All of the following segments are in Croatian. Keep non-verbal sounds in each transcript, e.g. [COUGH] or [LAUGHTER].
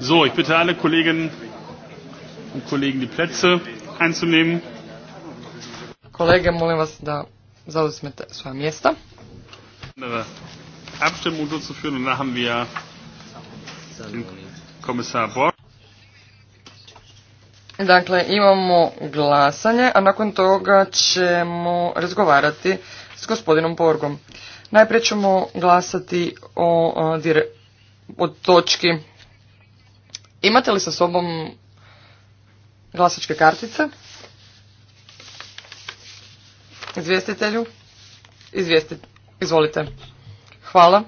So, ich bitte alle Kolleginnen und Kollegen, die Plätze einzunehmen. Kolege, molim vas da zauzmete svoja mjesta. Abstimmung durchzuführen und da haben wir den Kommissar Borg. Dakle, imamo glasanje, a nakon toga ćemo razgovarati s gospodinom Borgom. Najprije ćemo glasati o, o točki Imate li sa sobom glasačke kartice? Izvjestitelju? Izvolite. Hvala.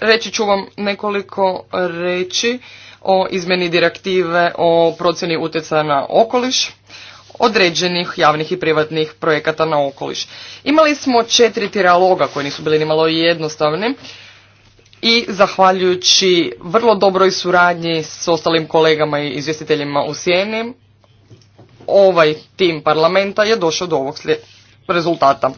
Reći ću vam nekoliko reći o izmeni direktive o procjeni utjecaja na okoliš određenih javnih i privatnih projekata na okoliš. Imali smo četiri tiraloga koji nisu bili nimalo jednostavni i zahvaljujući vrlo dobroj suradnji s ostalim kolegama i izvjestiteljima u Sjeni, ovaj tim parlamenta je došao do ovog rezultata.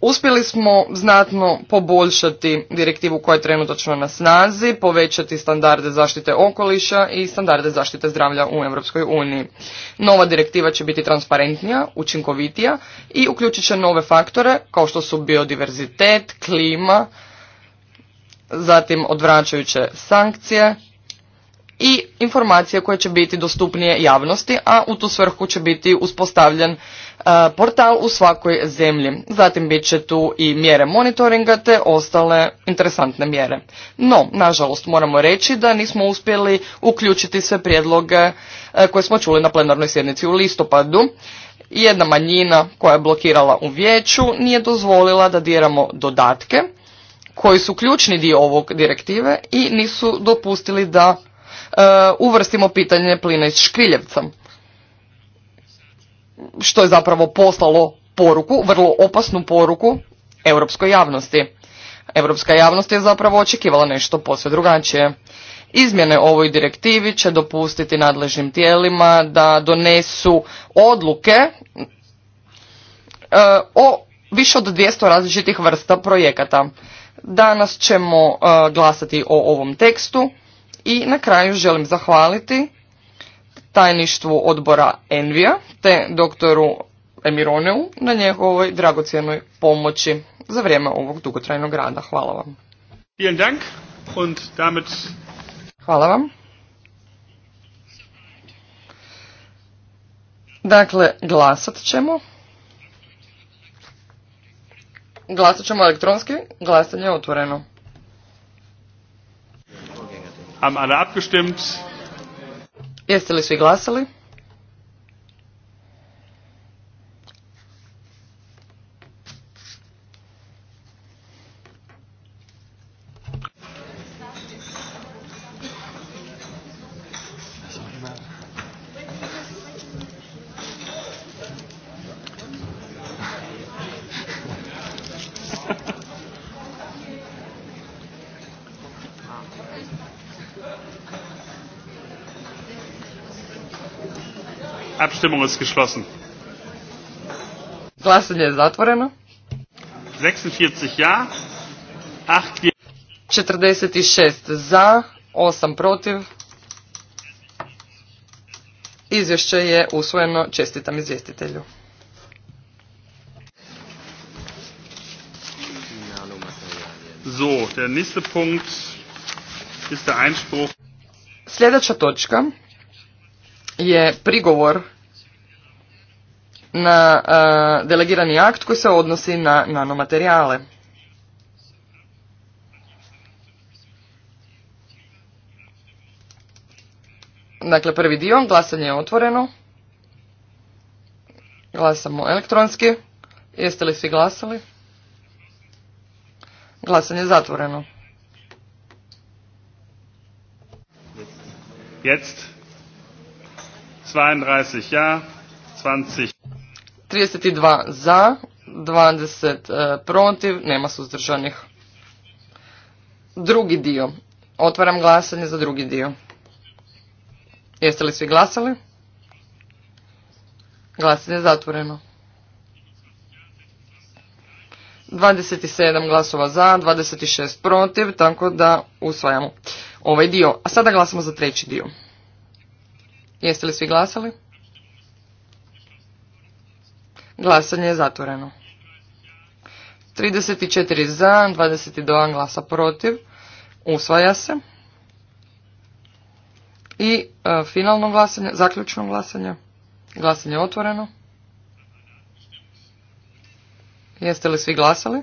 Uspjeli smo znatno poboljšati direktivu koja je trenutačno na snazi, povećati standarde zaštite okoliša i standarde zaštite zdravlja u Europskoj uniji. Nova direktiva će biti transparentnija, učinkovitija i uključit će nove faktore kao što su biodiverzitet, klima, zatim odvraćajuće sankcije i informacije koje će biti dostupnije javnosti, a u tu svrhu će biti uspostavljen e, portal u svakoj zemlji. Zatim bit će tu i mjere monitoringa te ostale interesantne mjere. No, nažalost, moramo reći da nismo uspjeli uključiti sve prijedloge e, koje smo čuli na plenarnoj sjednici u listopadu. Jedna manjina koja je blokirala u vijeću nije dozvolila da diramo dodatke, koji su ključni dio ovog direktive i nisu dopustili da e, uvrstimo pitanje plina iz Škriljevca. Što je zapravo poslalo poruku, vrlo opasnu poruku europskoj javnosti. Europska javnost je zapravo očekivala nešto posve drugačije. Izmjene ovoj direktivi će dopustiti nadležnim tijelima da donesu odluke e, o više od 200 različitih vrsta projekata. Danas ćemo uh, glasati o ovom tekstu i na kraju želim zahvaliti tajništvu odbora Envija te doktoru Emironeu na njegovoj dragocjenoj pomoći za vrijeme ovog dugotrajnog rada. Hvala vam. Hvala vam. Dakle, glasat ćemo. Glasat ćemo elektronski. Glasanje je otvoreno. Haben alle Jeste li svi glasali? Abstimmung ist geschlossen. Glasanje je zatvoreno. 46 ja, 8 46 za, 8 protiv. Izvješće je usvojeno. Čestitam izvjestitelju. So, der nächste Punkt ist der Einspruch. Sljedeća točka je prigovor na delegirani akt koji se odnosi na nanomaterijale. Dakle, prvi dio, glasanje je otvoreno. Glasamo elektronski. Jeste li svi glasali? Glasanje je zatvoreno. Jetzt 32 ja, 20 32 za, 20 e, protiv, nema suzdržanih. Drugi dio. Otvaram glasanje za drugi dio. Jeste li svi glasali? Glasanje je zatvoreno. 27 glasova za, 26 protiv, tako da usvajamo ovaj dio. A sada glasamo za treći dio. Jeste li svi glasali? Glasanje je zatvoreno. 34 za, 22 glasa protiv. Usvaja se. I e, finalno glasanje, zaključno glasanje. Glasanje je otvoreno. Jeste li svi glasali?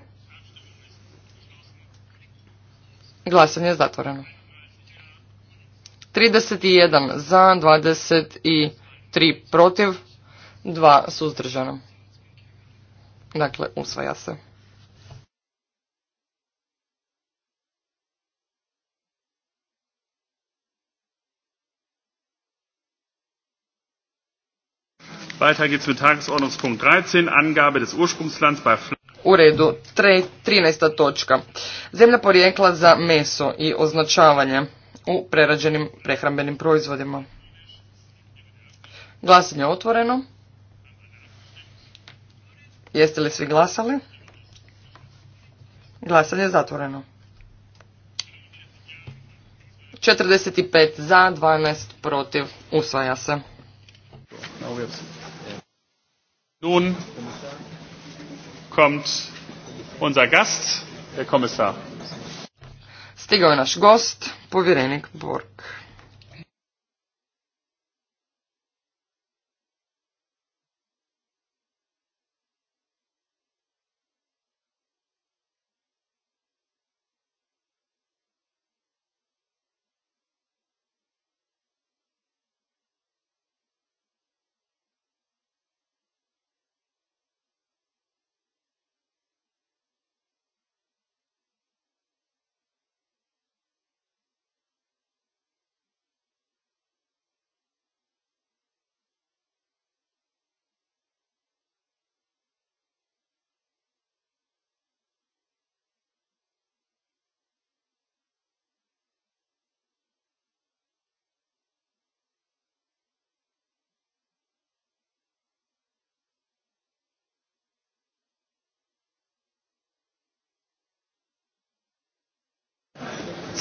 Glasanje je zatvoreno. 31 za, 23 protiv, 2 suzdržano. Dakle, usvaja se. Weiter geht's mit Tagesordnungspunkt 13, Angabe des Ursprungslands bei U redu, Tre, 13. točka. Zemlja porijekla za meso i označavanje u prerađenim prehrambenim proizvodima. Glasanje otvoreno. Jeste li svi glasali? Glasanje je zatvoreno. 45 za, 12 protiv. Usvaja se. Nun kommt unser Gast, der Kommissar. Stigao je naš gost, povjerenik Bork.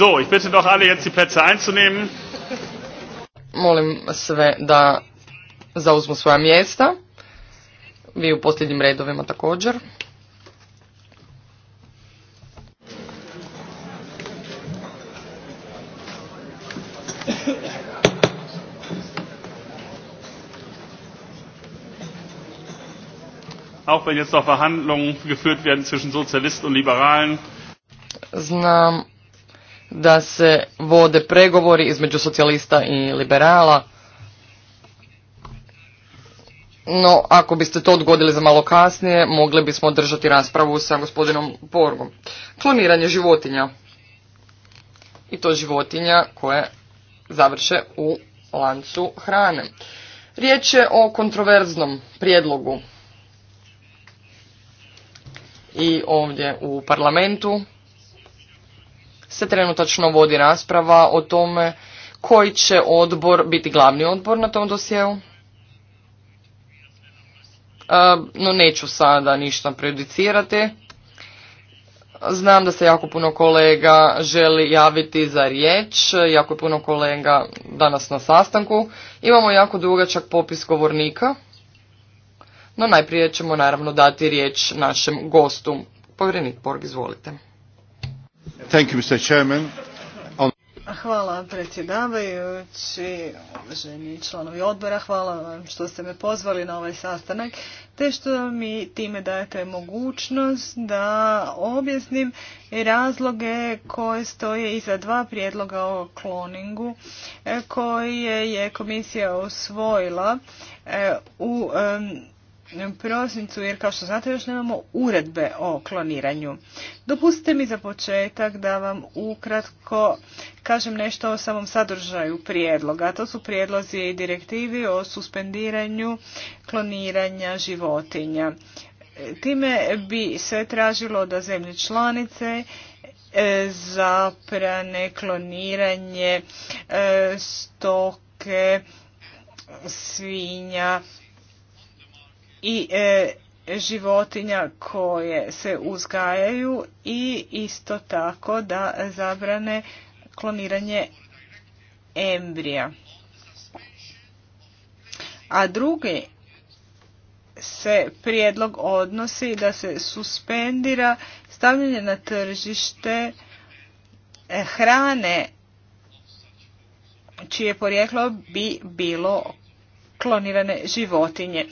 So, ich bitte doch alle jetzt die Plätze einzunehmen. Molim sve da zauzmu svoja mjesta. Vi u posljednjim redovima također. Auch wenn jetzt noch Verhandlungen geführt werden zwischen Sozialisten und Liberalen. Znam da se vode pregovori između socijalista i liberala. No, ako biste to odgodili za malo kasnije, mogli bismo održati raspravu sa gospodinom Borgom. Kloniranje životinja. I to životinja koje završe u lancu hrane. Riječ je o kontroverznom prijedlogu. I ovdje u parlamentu se trenutačno vodi rasprava o tome koji će odbor biti glavni odbor na tom dosjeu. E, no neću sada ništa prejudicirati. Znam da se jako puno kolega želi javiti za riječ, jako puno kolega danas na sastanku. Imamo jako dugačak popis govornika, no najprije ćemo naravno dati riječ našem gostu. Povjerenik Borg, izvolite. Hvala predsjedavajući, uvaženi članovi odbora, hvala vam što ste me pozvali na ovaj sastanak, te što mi time dajete mogućnost da objasnim razloge koje stoje iza dva prijedloga o kloningu e, koje je komisija usvojila e, u prosincu, jer kao što znate još nemamo uredbe o kloniranju. Dopustite mi za početak da vam ukratko kažem nešto o samom sadržaju prijedloga. To su prijedlozi i direktivi o suspendiranju kloniranja životinja. Time bi se tražilo da zemlje članice e, zaprane kloniranje e, stoke, svinja, i e, životinja koje se uzgajaju i isto tako da zabrane kloniranje embrija. A drugi se prijedlog odnosi da se suspendira stavljanje na tržište e, hrane čije porijeklo bi bilo klonirane životinje.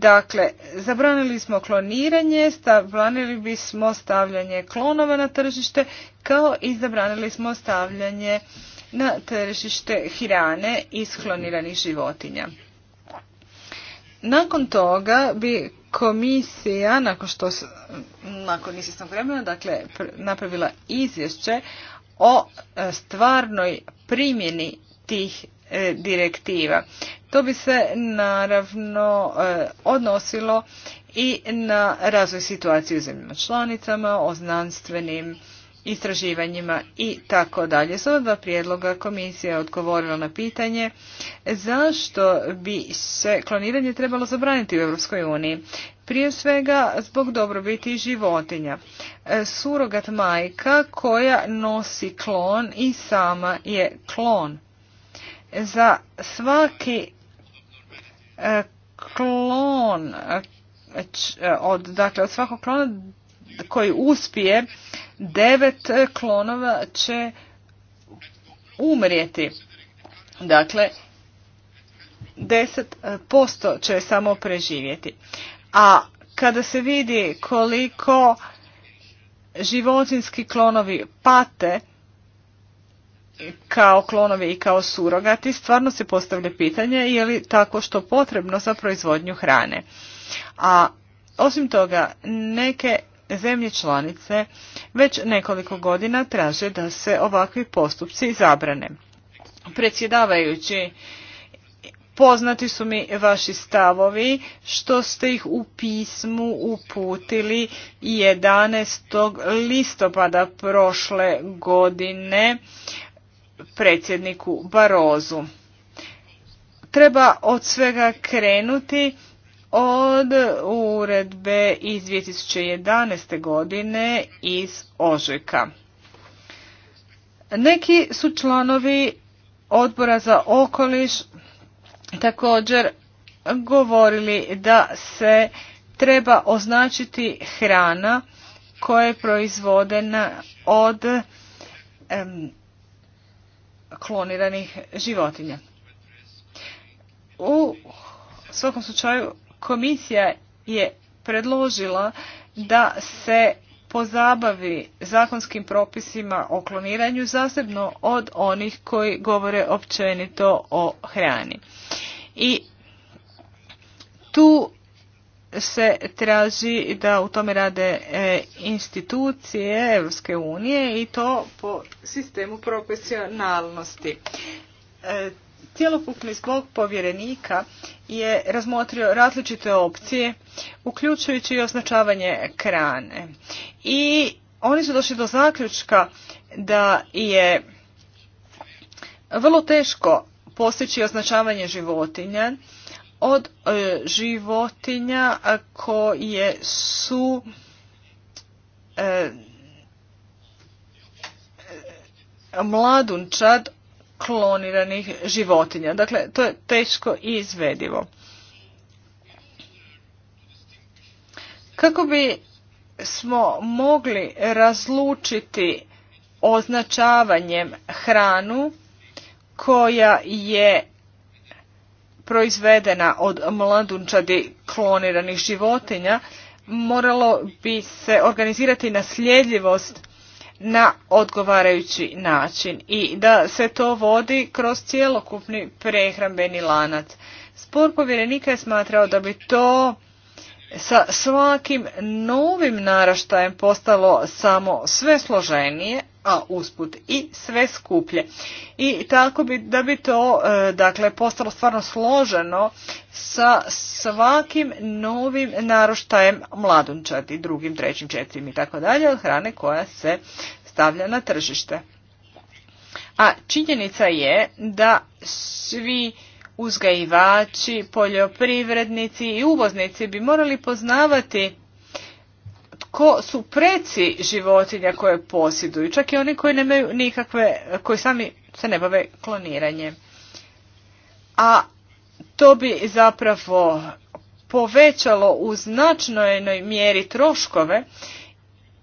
Dakle, zabranili smo kloniranje, zabranili bismo stavljanje klonova na tržište, kao i zabranili smo stavljanje na tržište hirane iz kloniranih životinja. Nakon toga bi komisija, nakon što nakon vremena, dakle, napravila izvješće o e, stvarnoj primjeni tih E, direktiva. To bi se naravno e, odnosilo i na razvoj situacije u zemljama članicama, o znanstvenim istraživanjima i tako dalje. S ova dva prijedloga komisija odgovorila na pitanje zašto bi se kloniranje trebalo zabraniti u Europskoj uniji. Prije svega zbog dobrobiti životinja. E, surogat majka koja nosi klon i sama je klon za svaki e, klon e, od, dakle, od svakog klona koji uspije devet klonova će umrijeti. Dakle, posto će samo preživjeti. A kada se vidi koliko životinski klonovi pate, kao klonovi i kao surogati, stvarno se postavlja pitanje je li tako što potrebno za proizvodnju hrane. A osim toga, neke zemlje članice već nekoliko godina traže da se ovakvi postupci zabrane. Predsjedavajući, poznati su mi vaši stavovi što ste ih u pismu uputili 11. listopada prošle godine predsjedniku Barozu. Treba od svega krenuti od uredbe iz 2011. godine iz Ožujka. Neki su članovi odbora za okoliš također govorili da se treba označiti hrana koja je proizvodena od kloniranih životinja. U svakom slučaju komisija je predložila da se pozabavi zakonskim propisima o kloniranju zasebno od onih koji govore općenito o hrani. I tu se traži da u tome rade e, institucije Europske unije i to po sistemu profesionalnosti. E, cjelokupni zbog povjerenika je razmotrio različite opcije, uključujući i označavanje krane. I oni su došli do zaključka da je vrlo teško postići označavanje životinja od e, životinja koje su e, mladunčad kloniranih životinja. Dakle, to je teško i izvedivo. Kako bi smo mogli razlučiti označavanjem hranu koja je proizvedena od mladunčadi kloniranih životinja moralo bi se organizirati nasljedljivost na odgovarajući način i da se to vodi kroz cjelokupni prehrambeni lanac. Spor povjerenika je smatrao da bi to sa svakim novim naraštajem postalo samo sve složenije, a usput i sve skuplje. I tako bi da bi to e, dakle postalo stvarno složeno sa svakim novim naroštajem mladunčati, drugim, trećim, četvrtim i tako dalje od hrane koja se stavlja na tržište. A činjenica je da svi uzgajivači, poljoprivrednici i uvoznici bi morali poznavati ko su preci životinja koje posjeduju, čak i oni koji nemaju nikakve, koji sami se ne bave kloniranjem. A to bi zapravo povećalo u značnojnoj mjeri troškove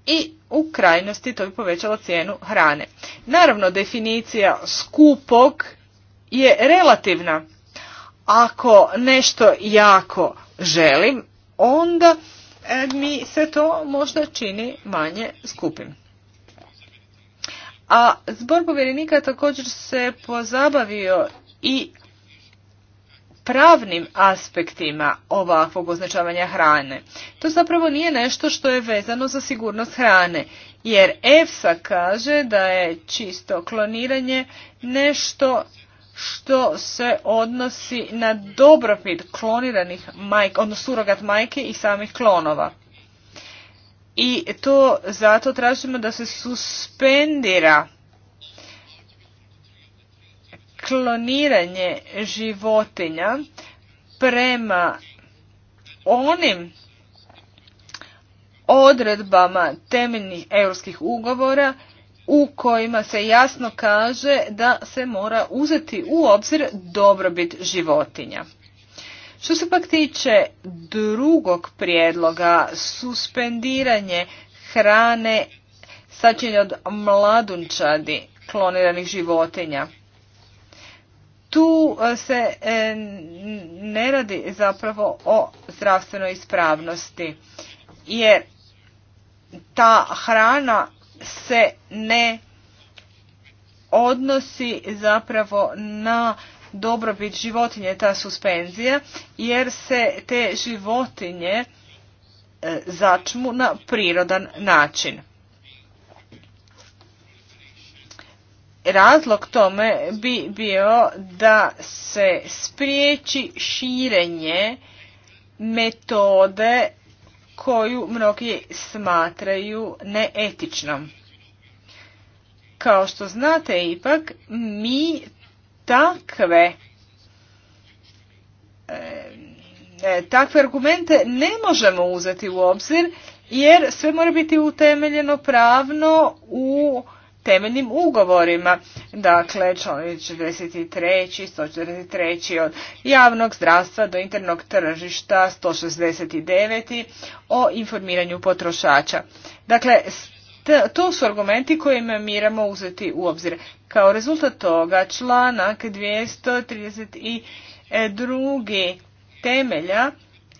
i u krajnosti to bi povećalo cijenu hrane. Naravno, definicija skupog je relativna. Ako nešto jako želim, onda E, mi se to možda čini manje skupim. A zbor povjerenika također se pozabavio i pravnim aspektima ovakvog označavanja hrane. To zapravo nije nešto što je vezano za sigurnost hrane, jer EFSA kaže da je čisto kloniranje nešto što se odnosi na dobrobit kloniranih majke, odnosno surogat majke i samih klonova. I to zato tražimo da se suspendira kloniranje životinja prema onim odredbama temeljnih europskih ugovora u kojima se jasno kaže da se mora uzeti u obzir dobrobit životinja. Što se pak tiče drugog prijedloga, suspendiranje hrane sačinjene od mladunčadi kloniranih životinja. Tu e, se e, ne radi zapravo o zdravstvenoj ispravnosti, jer ta hrana se ne odnosi zapravo na dobrobit životinje ta suspenzija jer se te životinje e, začmu na prirodan način. Razlog tome bi bio da se spriječi širenje metode koju mnogi smatraju neetičnom. Kao što znate ipak, mi takve e, takve argumente ne možemo uzeti u obzir jer sve mora biti utemeljeno pravno u temeljnim ugovorima. Dakle, članak 43. 143. od javnog zdravstva do internog tržišta 169. o informiranju potrošača. Dakle, to su argumenti koje miramo uzeti u obzir. Kao rezultat toga članak 232. temelja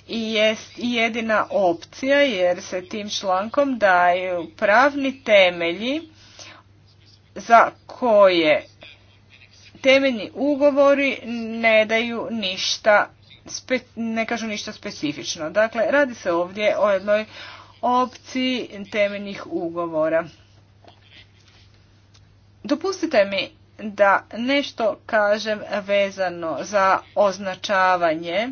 jest jedina opcija jer se tim člankom daju pravni temelji za koje temeljni ugovori ne daju ništa, ne kažu ništa specifično. Dakle, radi se ovdje o jednoj opciji temeljnih ugovora. Dopustite mi da nešto kažem vezano za označavanje,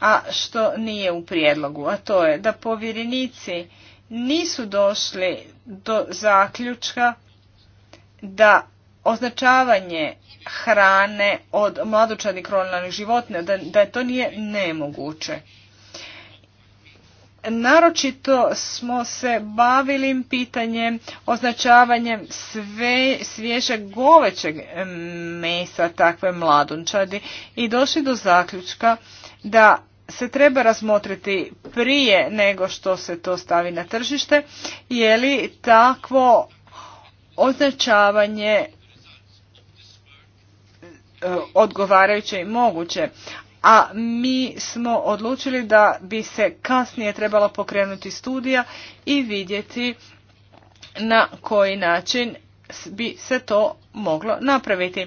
a što nije u prijedlogu, a to je da povjerenici nisu došli do zaključka da označavanje hrane od mladučadnih kronalnih životinja, da, da to nije nemoguće. Naročito smo se bavili pitanjem označavanjem sve svježeg govećeg mesa takve mladunčadi i došli do zaključka da se treba razmotriti prije nego što se to stavi na tržište je li takvo označavanje e, odgovarajuće i moguće. A mi smo odlučili da bi se kasnije trebala pokrenuti studija i vidjeti na koji način bi se to moglo napraviti.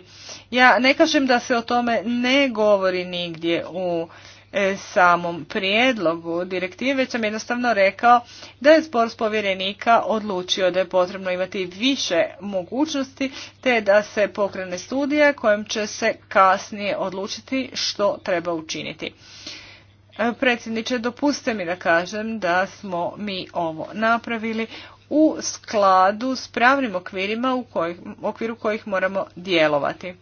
Ja ne kažem da se o tome ne govori nigdje u E, samom prijedlogu direktive, već sam jednostavno rekao da je spor povjerenika odlučio da je potrebno imati više mogućnosti te da se pokrene studija kojom će se kasnije odlučiti što treba učiniti. E, predsjedniče, dopuste mi da kažem da smo mi ovo napravili u skladu s pravnim okvirima u, u okviru kojih moramo djelovati.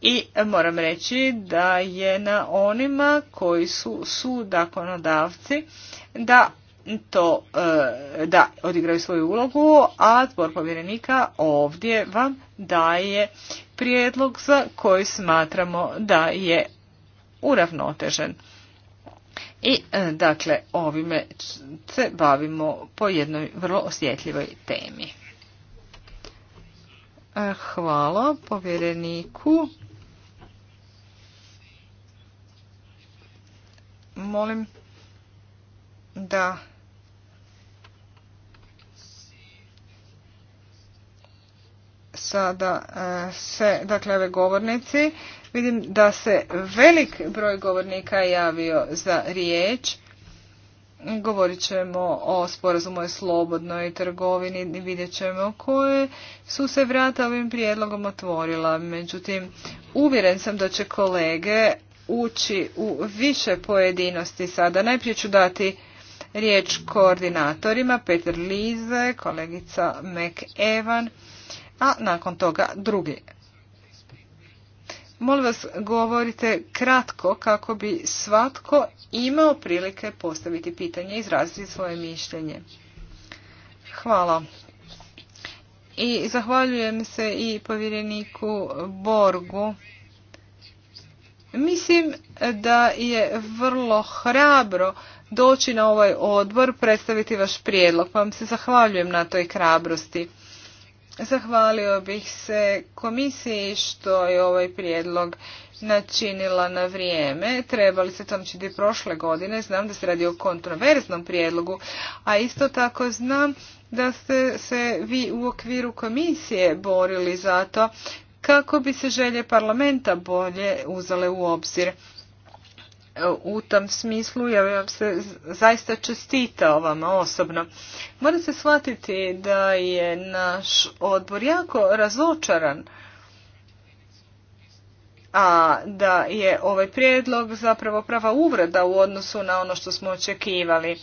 I moram reći da je na onima koji su sudakonodavci da to e, da odigraju svoju ulogu, a zbor povjerenika ovdje vam daje prijedlog za koji smatramo da je uravnotežen. I e, dakle ovime se bavimo po jednoj vrlo osjetljivoj temi. E, hvala povjereniku. molim da sada e, se, dakle, ove govornici, vidim da se velik broj govornika javio za riječ. Govorit ćemo o sporazumu o slobodnoj trgovini i vidjet ćemo koje su se vrata ovim prijedlogom otvorila. Međutim, uvjeren sam da će kolege ući u više pojedinosti sada. Najprije ću dati riječ koordinatorima, Peter Lize, kolegica McEvan, a nakon toga drugi. Molim vas, govorite kratko kako bi svatko imao prilike postaviti pitanje i izraziti svoje mišljenje. Hvala. I zahvaljujem se i povjereniku Borgu Mislim da je vrlo hrabro doći na ovaj odbor, predstaviti vaš prijedlog. pa Vam se zahvaljujem na toj hrabrosti. Zahvalio bih se komisiji što je ovaj prijedlog načinila na vrijeme. Trebali se to čiti prošle godine. Znam da se radi o kontroverznom prijedlogu, a isto tako znam da ste se vi u okviru komisije borili za to kako bi se želje parlamenta bolje uzale u obzir. U tom smislu ja vam se zaista čestitao vama osobno. Mora se shvatiti da je naš odbor jako razočaran a da je ovaj prijedlog zapravo prava uvreda u odnosu na ono što smo očekivali,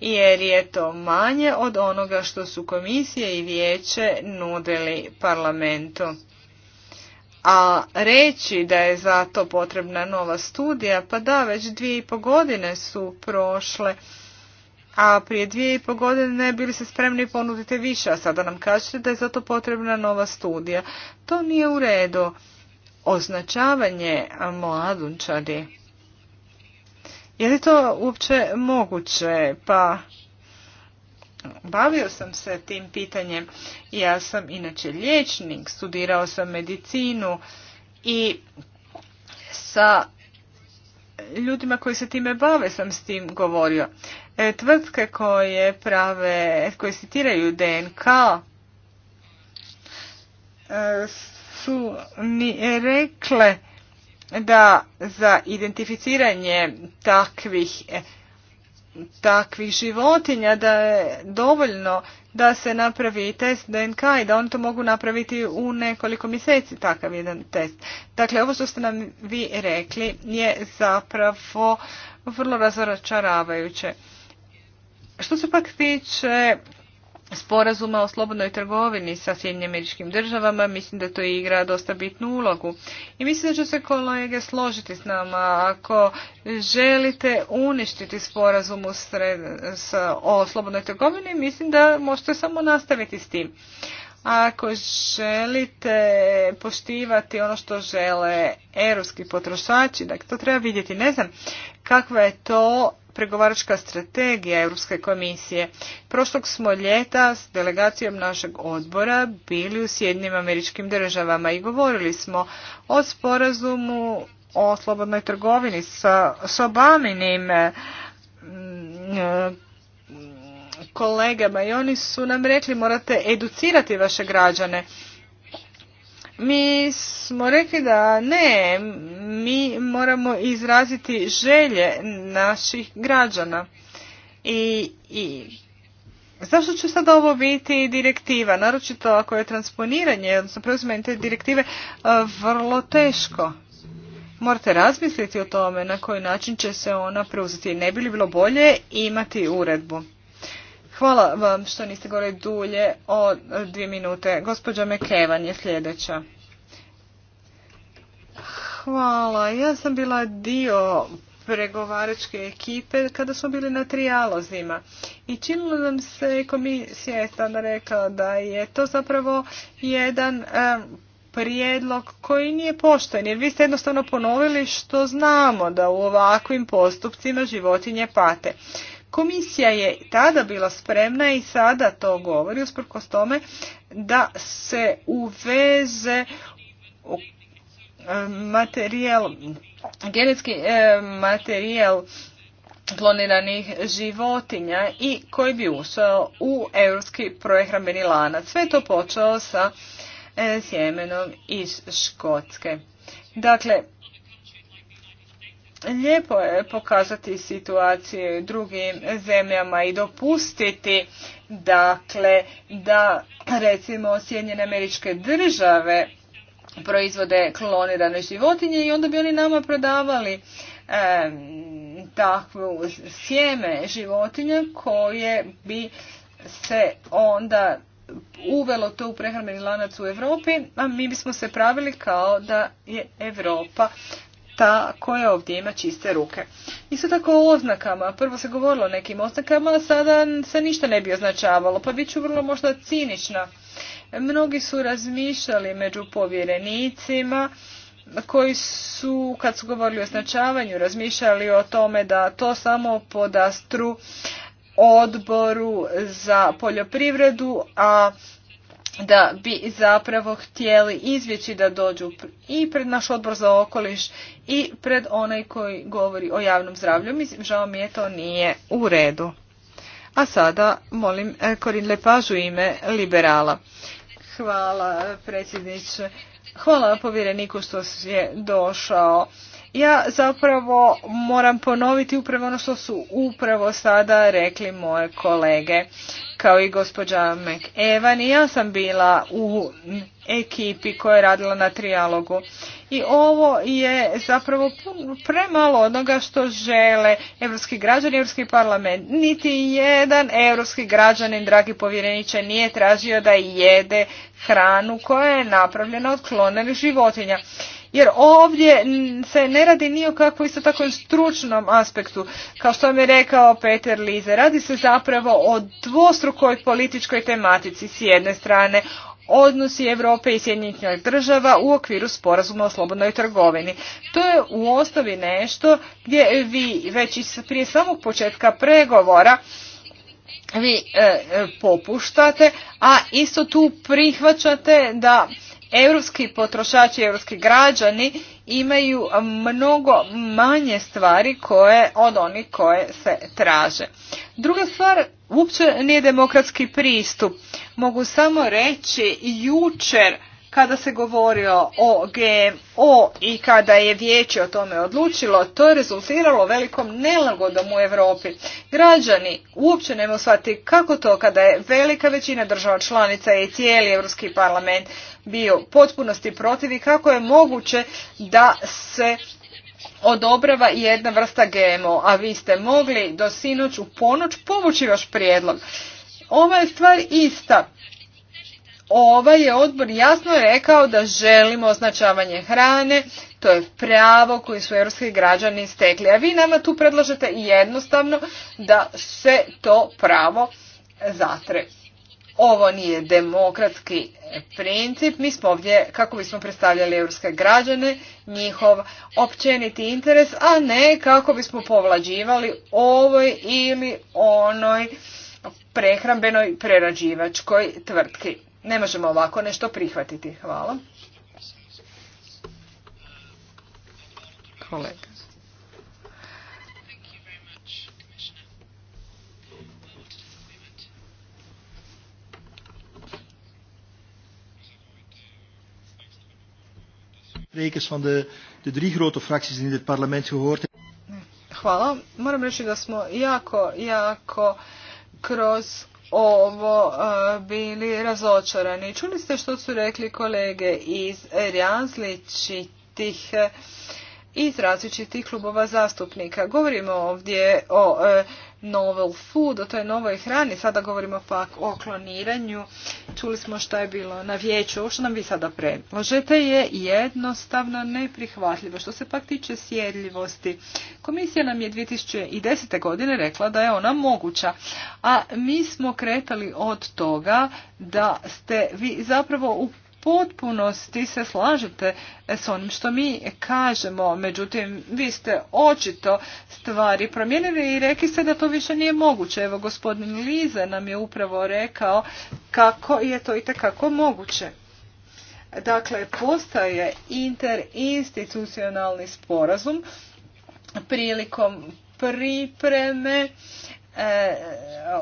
jer je to manje od onoga što su komisije i vijeće nudili parlamentu. A reći da je za to potrebna nova studija, pa da, već dvije i po godine su prošle. A prije dvije i po godine bili se spremni ponuditi više, a sada nam kažete da je za to potrebna nova studija. To nije u redu. Označavanje mladunčari. Je li to uopće moguće? Pa bavio sam se tim pitanjem. Ja sam inače liječnik, studirao sam medicinu i sa ljudima koji se time bave sam s tim govorio. E, tvrtke koje prave, koje citiraju DNK e, su mi rekle da za identificiranje takvih takvih životinja da je dovoljno da se napravi test DNK i da on to mogu napraviti u nekoliko mjeseci takav jedan test. Dakle, ovo što ste nam vi rekli je zapravo vrlo razočaravajuće. Što se pak tiče sporazuma o slobodnoj trgovini sa Sjedinjenim američkim državama. Mislim da to igra dosta bitnu ulogu. I mislim da ću se kolege složiti s nama. Ako želite uništiti sporazum o slobodnoj trgovini, mislim da možete samo nastaviti s tim. Ako želite poštivati ono što žele europski potrošači, dakle to treba vidjeti. Ne znam kakva je to pregovaračka strategija Europske komisije. Prošlog smo ljeta s delegacijom našeg odbora bili u Sjednim američkim državama i govorili smo o sporazumu o slobodnoj trgovini sa, s Obaminim e, kolegama i oni su nam rekli morate educirati vaše građane mi smo rekli da ne, mi moramo izraziti želje naših građana. I, i zašto će sada ovo biti direktiva? Naročito ako je transponiranje, odnosno preuzimanje te direktive, e, vrlo teško. Morate razmisliti o tome na koji način će se ona preuzeti. Ne bi li bilo bolje imati uredbu? Hvala vam što niste govorili dulje od eh, dvije minute. Gospođa Mekevan je sljedeća. Hvala. Ja sam bila dio pregovaračke ekipe kada smo bili na trijalozima. I činilo nam se komisija je tada rekla da je to zapravo jedan eh, prijedlog koji nije pošten. Jer vi ste jednostavno ponovili što znamo da u ovakvim postupcima životinje pate. Komisija je tada bila spremna i sada to govori usprkos tome da se uveze um, materijal, genetski um, materijal kloniranih životinja i koji bi ušao u europski projehrambeni lanac. Sve to počeo sa e, sjemenom iz Škotske. Dakle, Lijepo je pokazati situacije drugim zemljama i dopustiti dakle da recimo Sjedinjene američke države proizvode klonirane životinje i onda bi oni nama prodavali e, takvu sjeme životinja koje bi se onda uvelo to u prehrambeni lanac u Europi, a mi bismo se pravili kao da je Europa ta koja ovdje ima čiste ruke. Isto tako o oznakama. Prvo se govorilo o nekim oznakama, a sada se ništa ne bi označavalo, pa bit ću vrlo možda cinična. Mnogi su razmišljali među povjerenicima koji su, kad su govorili o označavanju, razmišljali o tome da to samo podastru odboru za poljoprivredu, a da bi zapravo htjeli izvjeći da dođu i pred naš odbor za okoliš i pred onaj koji govori o javnom zdravlju. Mislim, žao mi je to nije u redu. A sada molim Korin e, Lepažu ime liberala. Hvala predsjedniče. Hvala povjereniku što je došao. Ja zapravo moram ponoviti upravo ono što su upravo sada rekli moje kolege, kao i gospođa McEvan i ja sam bila u ekipi koja je radila na trijalogu. I ovo je zapravo premalo onoga što žele evropski građani, evropski parlament. Niti jedan evropski građanin, dragi povjereniče, nije tražio da jede hranu koja je napravljena od klonenih životinja. Jer ovdje se ne radi ni o kakvom isto tako stručnom aspektu. Kao što mi je rekao Peter Lize, radi se zapravo o dvostrukoj političkoj tematici. S jedne strane odnosi Europe i Sjedinjenih država u okviru sporazuma o slobodnoj trgovini. To je u osnovi nešto gdje vi već prije samog početka pregovora vi e, e, popuštate, a isto tu prihvaćate da europski potrošači, europski građani imaju mnogo manje stvari koje od onih koje se traže. Druga stvar, uopće nije demokratski pristup. Mogu samo reći, jučer kada se govorilo o GMO i kada je vijeće o tome odlučilo, to je rezultiralo velikom nelagodom u Europi. Građani uopće ne shvatiti kako to kada je velika većina država članica i cijeli Europski parlament bio potpunosti protiv i kako je moguće da se odobrava jedna vrsta GMO, a vi ste mogli do sinoć u ponoć povući vaš prijedlog. Ova je stvar ista ovaj je odbor jasno rekao da želimo označavanje hrane, to je pravo koje su europski građani stekli. A vi nama tu predlažete jednostavno da se to pravo zatre. Ovo nije demokratski princip, mi smo ovdje kako bismo predstavljali europske građane, njihov općeniti interes, a ne kako bismo povlađivali ovoj ili onoj prehrambenoj prerađivačkoj tvrtki. Ne možemo ovako nešto prihvatiti. Hvala. Kolega. van de, de drie grote fracties in dit parlement gehoord. Hvala. Moram reći da smo jako, jako kroz ovo e, bili razočarani. Čuli ste što su rekli kolege iz različitih e, iz različitih klubova zastupnika. Govorimo ovdje o e, novel food, o toj novoj hrani. Sada govorimo pak o kloniranju. Čuli smo šta je bilo na vijeću. Ovo što nam vi sada predložete je jednostavno neprihvatljivo. Što se pak tiče sjedljivosti, komisija nam je 2010. godine rekla da je ona moguća. A mi smo kretali od toga da ste vi zapravo u potpunosti se slažete e, s onim što mi kažemo, međutim vi ste očito stvari promijenili i rekli ste da to više nije moguće. Evo gospodin Lize nam je upravo rekao kako je to i kako moguće. Dakle, postaje interinstitucionalni sporazum prilikom pripreme E,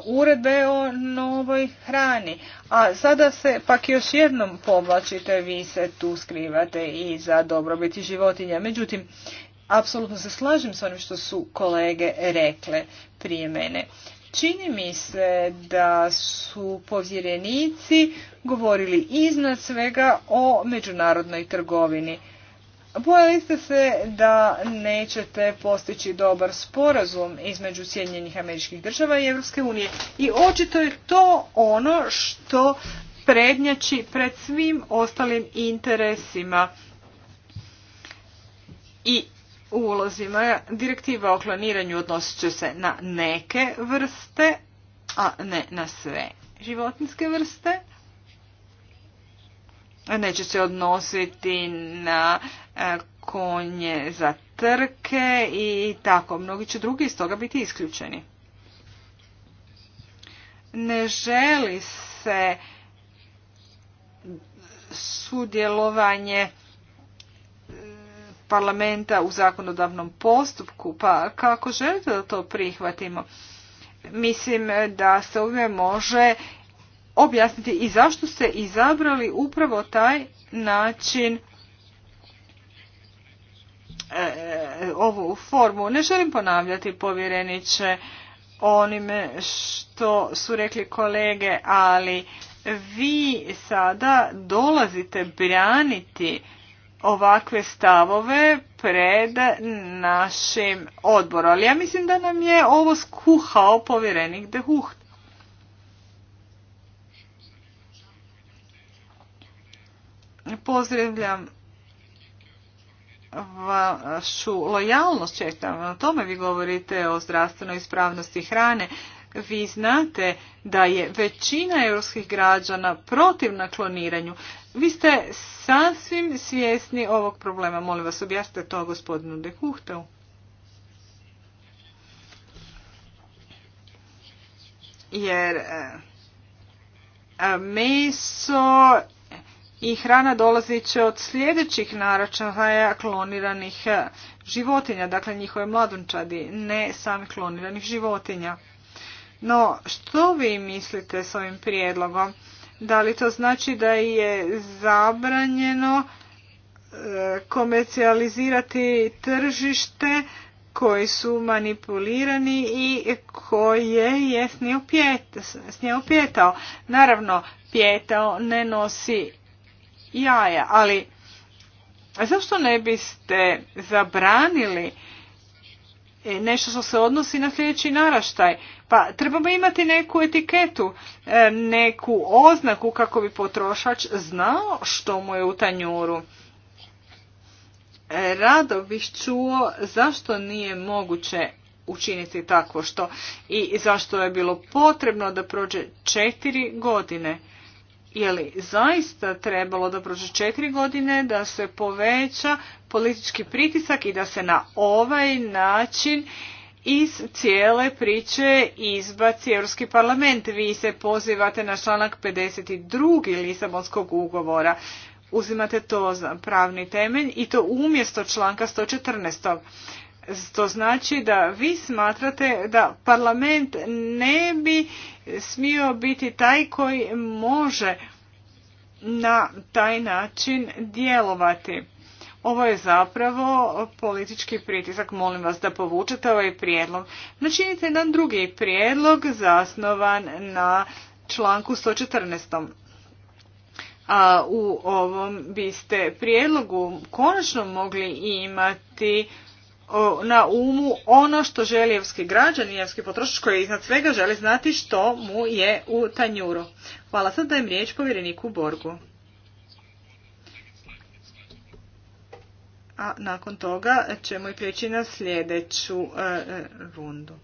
uredbe o novoj hrani. A sada se pak još jednom povlačite, vi se tu skrivate i za dobrobiti životinja. Međutim, apsolutno se slažem s onim što su kolege rekle prije mene. Čini mi se da su povjerenici govorili iznad svega o međunarodnoj trgovini. Bojali ste se da nećete postići dobar sporazum između Sjedinjenih američkih država i Europske unije. I očito je to ono što prednjači pred svim ostalim interesima i ulozima. Direktiva o klaniranju odnosit će se na neke vrste, a ne na sve životinske vrste neće se odnositi na e, konje za trke i tako. Mnogi će drugi iz toga biti isključeni. Ne želi se sudjelovanje e, parlamenta u zakonodavnom postupku, pa kako želite da to prihvatimo? Mislim da se ovdje može objasniti i zašto ste izabrali upravo taj način e, ovu formu. Ne želim ponavljati povjereniče onime što su rekli kolege, ali vi sada dolazite braniti ovakve stavove pred našim odborom. Ali ja mislim da nam je ovo skuhao povjerenik de Hucht. Pozdravljam vašu lojalnost, čestitam na tome, vi govorite o zdravstvenoj ispravnosti hrane. Vi znate da je većina europskih građana protiv na Vi ste sasvim svjesni ovog problema. Molim vas, objasnite to gospodinu Dekuhteu. Jer eh, meso i hrana dolazit će od sljedećih naračaja kloniranih e, životinja, dakle njihove mladunčadi, ne samih kloniranih životinja. No, što vi mislite s ovim prijedlogom? Da li to znači da je zabranjeno e, komercijalizirati tržište koji su manipulirani i koje je snio pjetao. Naravno, pjetao ne nosi jaja, ali zašto ne biste zabranili e, nešto što se odnosi na sljedeći naraštaj. Pa trebamo imati neku etiketu, e, neku oznaku kako bi potrošač znao što mu je u tanjuru. E, rado bih čuo zašto nije moguće učiniti takvo što i zašto je bilo potrebno da prođe četiri godine je li zaista trebalo da prođe četiri godine da se poveća politički pritisak i da se na ovaj način iz cijele priče izbaci Europski parlament. Vi se pozivate na članak 52. Lisabonskog ugovora. Uzimate to za pravni temelj i to umjesto članka 114. To znači da vi smatrate da parlament ne bi smio biti taj koji može na taj način djelovati. Ovo je zapravo politički pritisak. Molim vas da povučete ovaj prijedlog. Načinite jedan drugi prijedlog zasnovan na članku 114. A u ovom biste prijedlogu konačno mogli imati na umu ono što želi evski građan i evski potrošač koji iznad svega želi znati što mu je u tanjuru. Hvala sad dajem riječ povjereniku Borgu. A nakon toga ćemo i prijeći na sljedeću e, e, rundu.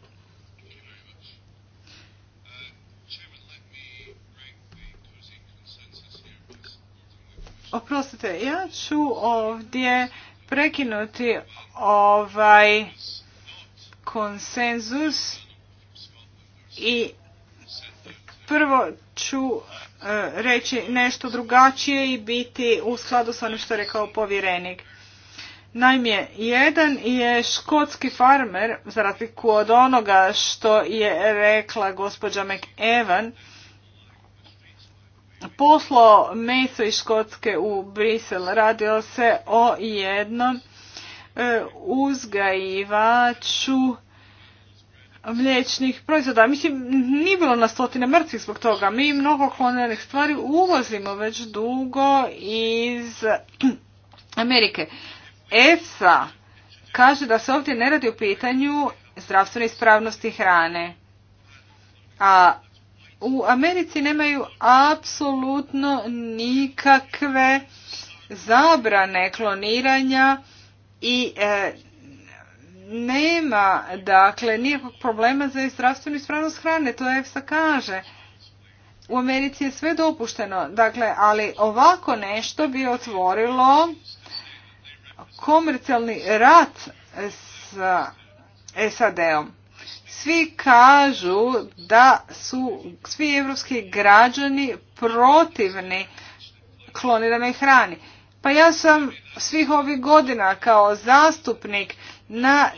Oprostite, ja ću ovdje prekinuti ovaj konsenzus i prvo ću e, reći nešto drugačije i biti u skladu sa onim što je rekao povjerenik. Naime, jedan je škotski farmer, za razliku od onoga što je rekla gospođa McEvan, poslo meso iz Škotske u Brisel. Radio se o jednom e, uzgajivaču mliječnih proizvoda. Mislim, nije bilo na stotine mrtvih zbog toga. Mi mnogo klonenih stvari uvozimo već dugo iz [CLEARS THROAT] Amerike. ESA kaže da se ovdje ne radi o pitanju zdravstvene ispravnosti hrane. A u Americi nemaju apsolutno nikakve zabrane kloniranja i e, nema dakle nikakvog problema za zdravstvenu ispravnost hrane, to EFSA kaže. U Americi je sve dopušteno, dakle, ali ovako nešto bi otvorilo komercijalni rat s e SAD-om svi kažu da su svi evropski građani protivni kloniranoj hrani. Pa ja sam svih ovih godina kao zastupnik na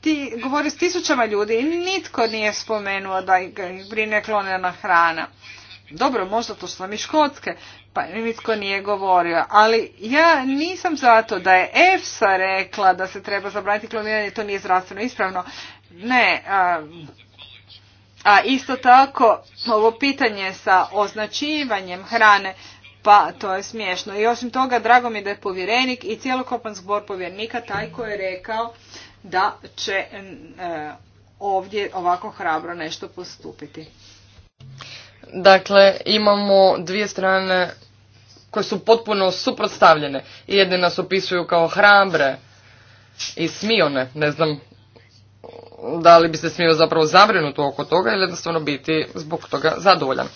ti, govori s tisućama ljudi i nitko nije spomenuo da ih brine klonirana hrana. Dobro, možda to su mi škotske, pa nitko nije govorio. Ali ja nisam zato da je EFSA rekla da se treba zabraniti kloniranje, to nije zdravstveno ispravno. Ne, a, isto tako ovo pitanje sa označivanjem hrane, pa to je smiješno. I osim toga, drago mi je da je povjerenik i cjelokupan zbor povjernika taj koji je rekao da će e, ovdje ovako hrabro nešto postupiti. Dakle, imamo dvije strane koje su potpuno suprotstavljene. Jedne nas opisuju kao hrabre i smijone, ne znam da li bi se smio zapravo zabrinuti oko toga ili jednostavno biti zbog toga zadovoljan.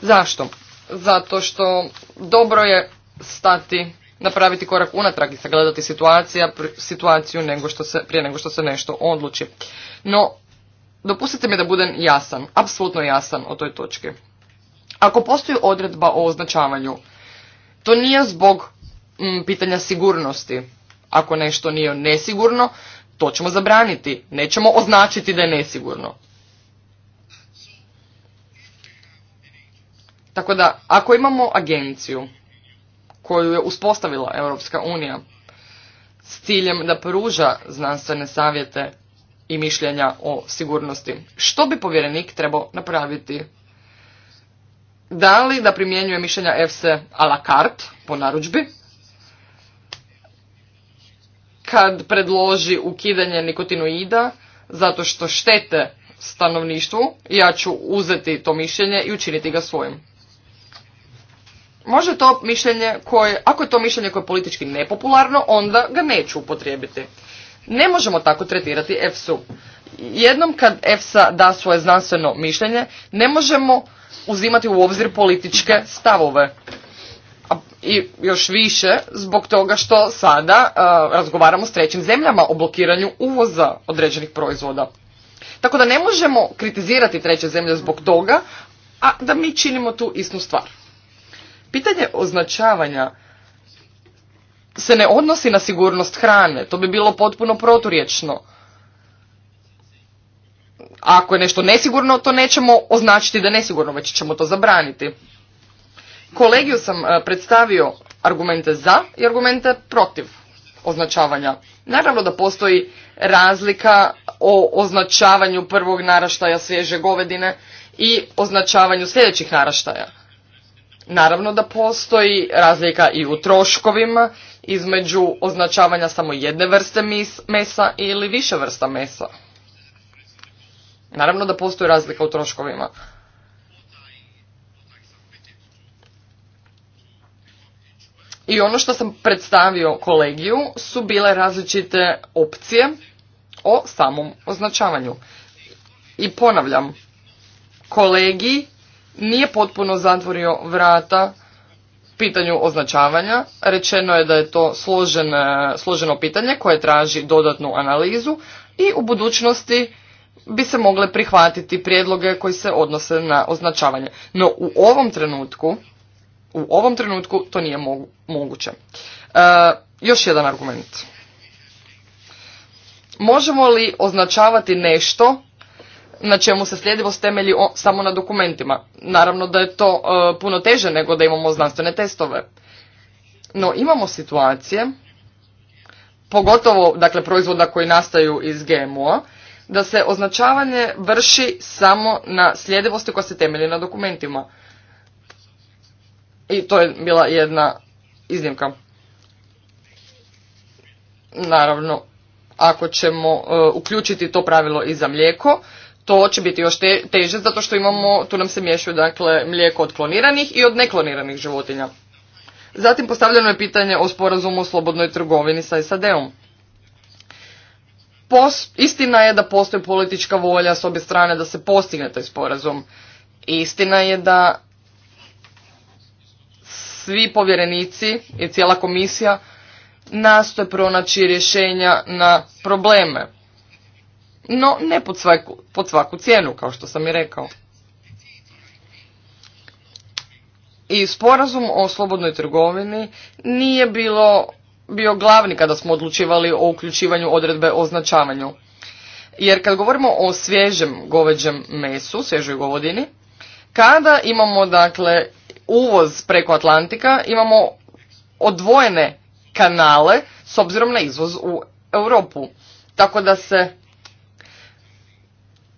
Zašto? Zato što dobro je stati, napraviti korak unatrag i sagledati situacija, situaciju nego što se, prije nego što se nešto odluči. No, dopustite mi da budem jasan, apsolutno jasan o toj točki. Ako postoji odredba o označavanju, to nije zbog pitanja sigurnosti. Ako nešto nije nesigurno, to ćemo zabraniti. Nećemo označiti da je nesigurno. Tako da, ako imamo agenciju koju je uspostavila Europska unija s ciljem da pruža znanstvene savjete i mišljenja o sigurnosti, što bi povjerenik trebao napraviti? Da li da primjenjuje mišljenja EFSE a la carte po narudžbi kad predloži ukidanje nikotinoida zato što štete stanovništvu, ja ću uzeti to mišljenje i učiniti ga svojim. Može to mišljenje koje, ako je to mišljenje koje je politički nepopularno, onda ga neću upotrijebiti. Ne možemo tako tretirati EFSU. Jednom kad EFSA da svoje znanstveno mišljenje, ne možemo uzimati u obzir političke stavove i još više zbog toga što sada razgovaramo s trećim zemljama o blokiranju uvoza određenih proizvoda. Tako da ne možemo kritizirati treće zemlje zbog toga, a da mi činimo tu istu stvar. Pitanje označavanja se ne odnosi na sigurnost hrane, to bi bilo potpuno proturječno. Ako je nešto nesigurno, to nećemo označiti da nesigurno, već ćemo to zabraniti. Kolegiju sam e, predstavio argumente za i argumente protiv označavanja. Naravno da postoji razlika o označavanju prvog naraštaja svježe govedine i označavanju sljedećih naraštaja. Naravno da postoji razlika i u troškovima između označavanja samo jedne vrste mesa ili više vrsta mesa. Naravno da postoji razlika u troškovima. I ono što sam predstavio kolegiju su bile različite opcije o samom označavanju. I ponavljam, kolegi nije potpuno zatvorio vrata pitanju označavanja. Rečeno je da je to složen, e, složeno pitanje koje traži dodatnu analizu i u budućnosti bi se mogle prihvatiti prijedloge koji se odnose na označavanje. No u ovom trenutku u ovom trenutku to nije moguće. E, još jedan argument. Možemo li označavati nešto na čemu se sljedivost temelji samo na dokumentima? Naravno da je to e, puno teže nego da imamo znanstvene testove. No imamo situacije, pogotovo dakle proizvoda koji nastaju iz gmo da se označavanje vrši samo na sljedivosti koja se temelji na dokumentima. I to je bila jedna iznimka. Naravno, ako ćemo e, uključiti to pravilo i za mlijeko, to će biti još teže zato što imamo, tu nam se miješaju dakle mlijeko od kloniranih i od nekloniranih životinja. Zatim postavljeno je pitanje o sporazumu o slobodnoj trgovini sa SAD-om. Istina je da postoji politička volja s obje strane da se postigne taj sporazum. Istina je da svi povjerenici i cijela komisija nastoje pronaći rješenja na probleme. No, ne pod svaku, pod svaku cijenu, kao što sam i rekao. I sporazum o slobodnoj trgovini nije bilo, bio glavni kada smo odlučivali o uključivanju odredbe o označavanju. Jer kad govorimo o svježem goveđem mesu, svježoj govodini, kada imamo dakle uvoz preko Atlantika imamo odvojene kanale s obzirom na izvoz u Europu. Tako da se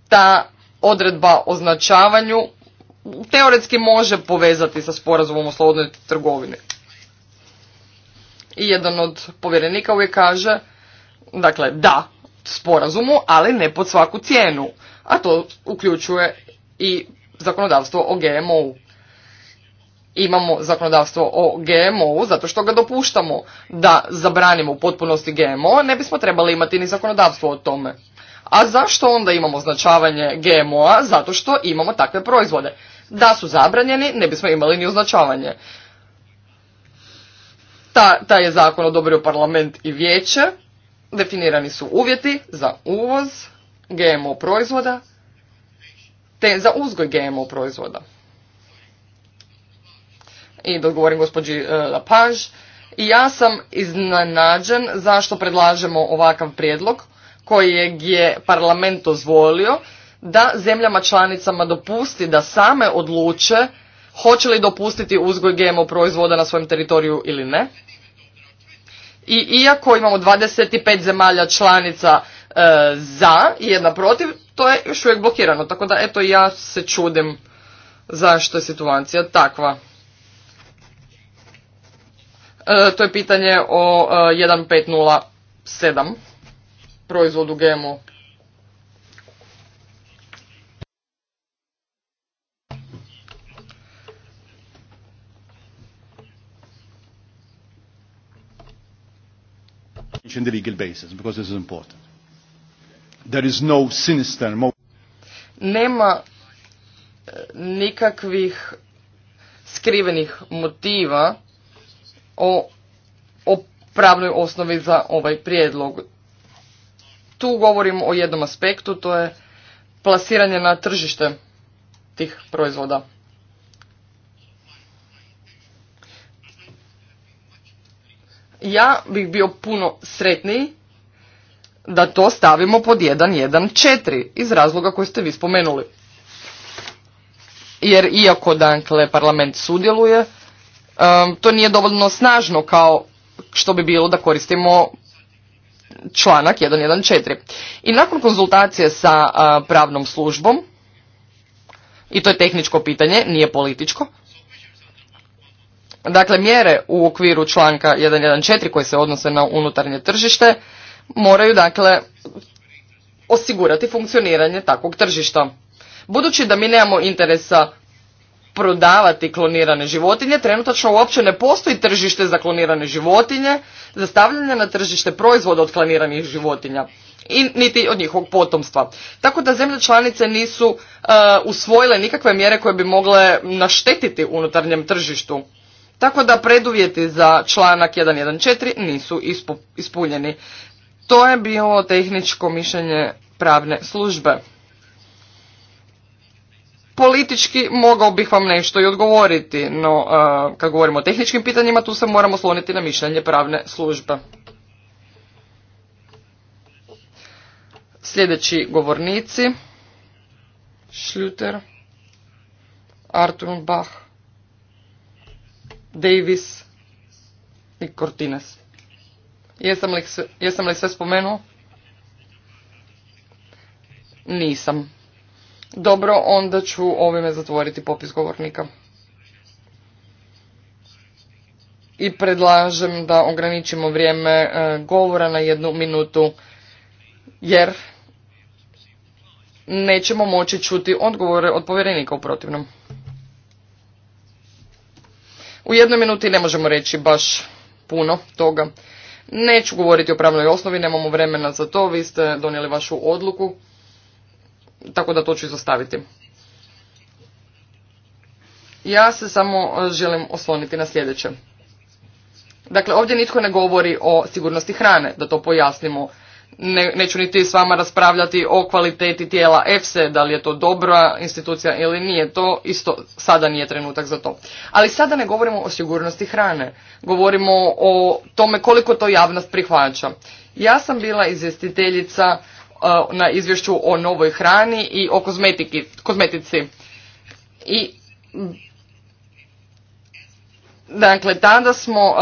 ta odredba o teoretski može povezati sa sporazumom o slobodnoj trgovini. I jedan od povjerenika uvijek kaže, dakle, da, sporazumu, ali ne pod svaku cijenu. A to uključuje i zakonodavstvo o GMO-u imamo zakonodavstvo o GMO-u zato što ga dopuštamo da zabranimo u potpunosti GMO, ne bismo trebali imati ni zakonodavstvo o tome. A zašto onda imamo označavanje GMO-a? Zato što imamo takve proizvode. Da su zabranjeni, ne bismo imali ni označavanje. Ta, je zakon odobrio parlament i vijeće. Definirani su uvjeti za uvoz GMO proizvoda te za uzgoj GMO proizvoda i dogovorim gospođi e, Lapage. I ja sam iznenađen zašto predlažemo ovakav prijedlog kojeg je parlament dozvolio da zemljama članicama dopusti da same odluče hoće li dopustiti uzgoj GMO proizvoda na svojem teritoriju ili ne. I iako imamo 25 zemalja članica e, za i jedna protiv, to je još uvijek blokirano. Tako da eto ja se čudim zašto je situacija takva. E, to je pitanje o 1507 e, proizvodu GMO. in the legal basis because this is important. There is no sinister Nema e, nikakvih skrivenih motiva o, o pravnoj osnovi za ovaj prijedlog. Tu govorim o jednom aspektu, to je plasiranje na tržište tih proizvoda. Ja bih bio puno sretniji da to stavimo pod 1.1.4 iz razloga koji ste vi spomenuli. Jer iako, dakle, parlament sudjeluje, to nije dovoljno snažno kao što bi bilo da koristimo članak 114. I nakon konzultacije sa pravnom službom, i to je tehničko pitanje, nije političko, Dakle, mjere u okviru članka 114 koje se odnose na unutarnje tržište moraju dakle osigurati funkcioniranje takvog tržišta. Budući da mi nemamo interesa prodavati klonirane životinje. Trenutačno uopće ne postoji tržište za klonirane životinje, za stavljanje na tržište proizvoda od kloniranih životinja i niti od njihovog potomstva. Tako da zemlje članice nisu e, usvojile nikakve mjere koje bi mogle naštetiti unutarnjem tržištu. Tako da preduvjeti za članak 1.1.4 nisu ispunjeni. To je bilo tehničko mišljenje pravne službe. Politički mogao bih vam nešto i odgovoriti, no kad govorimo o tehničkim pitanjima tu se moramo sloniti na mišljenje pravne službe. Sljedeći govornici, Schluter, Artur Bach, Davis i Cortines. Jesam li, jesam li sve spomenuo? Nisam. Dobro, onda ću ovime zatvoriti popis govornika. I predlažem da ograničimo vrijeme e, govora na jednu minutu, jer nećemo moći čuti odgovore od povjerenika u protivnom. U jednoj minuti ne možemo reći baš puno toga. Neću govoriti o pravnoj osnovi, nemamo vremena za to, vi ste donijeli vašu odluku tako da to ću izostaviti. Ja se samo e, želim osloniti na sljedeće. Dakle, ovdje nitko ne govori o sigurnosti hrane, da to pojasnimo. Ne, neću niti s vama raspravljati o kvaliteti tijela EFSE, da li je to dobra institucija ili nije to, isto sada nije trenutak za to. Ali sada ne govorimo o sigurnosti hrane, govorimo o tome koliko to javnost prihvaća. Ja sam bila izvjestiteljica na izvješću o novoj hrani i o kozmetici. I Dakle, tada smo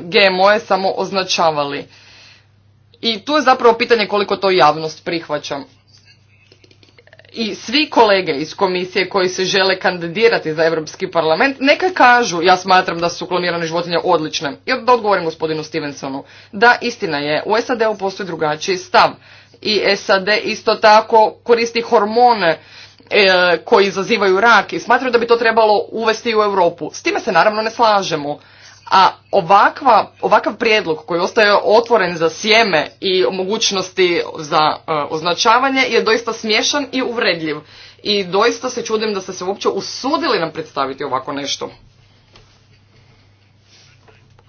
GMO-e samo označavali. I tu je zapravo pitanje koliko to javnost prihvaća. I svi kolege iz komisije koji se žele kandidirati za Europski parlament, neka kažu, ja smatram da su klonirane životinje odlične. I da odgovorim gospodinu Stevensonu, da istina je, u SAD-u postoji drugačiji stav i SAD isto tako koristi hormone e, koji izazivaju rak i smatraju da bi to trebalo uvesti u Europu. S time se naravno ne slažemo. A ovakva, ovakav prijedlog koji ostaje otvoren za sjeme i mogućnosti za e, označavanje je doista smješan i uvredljiv. I doista se čudim da ste se uopće usudili nam predstaviti ovako nešto.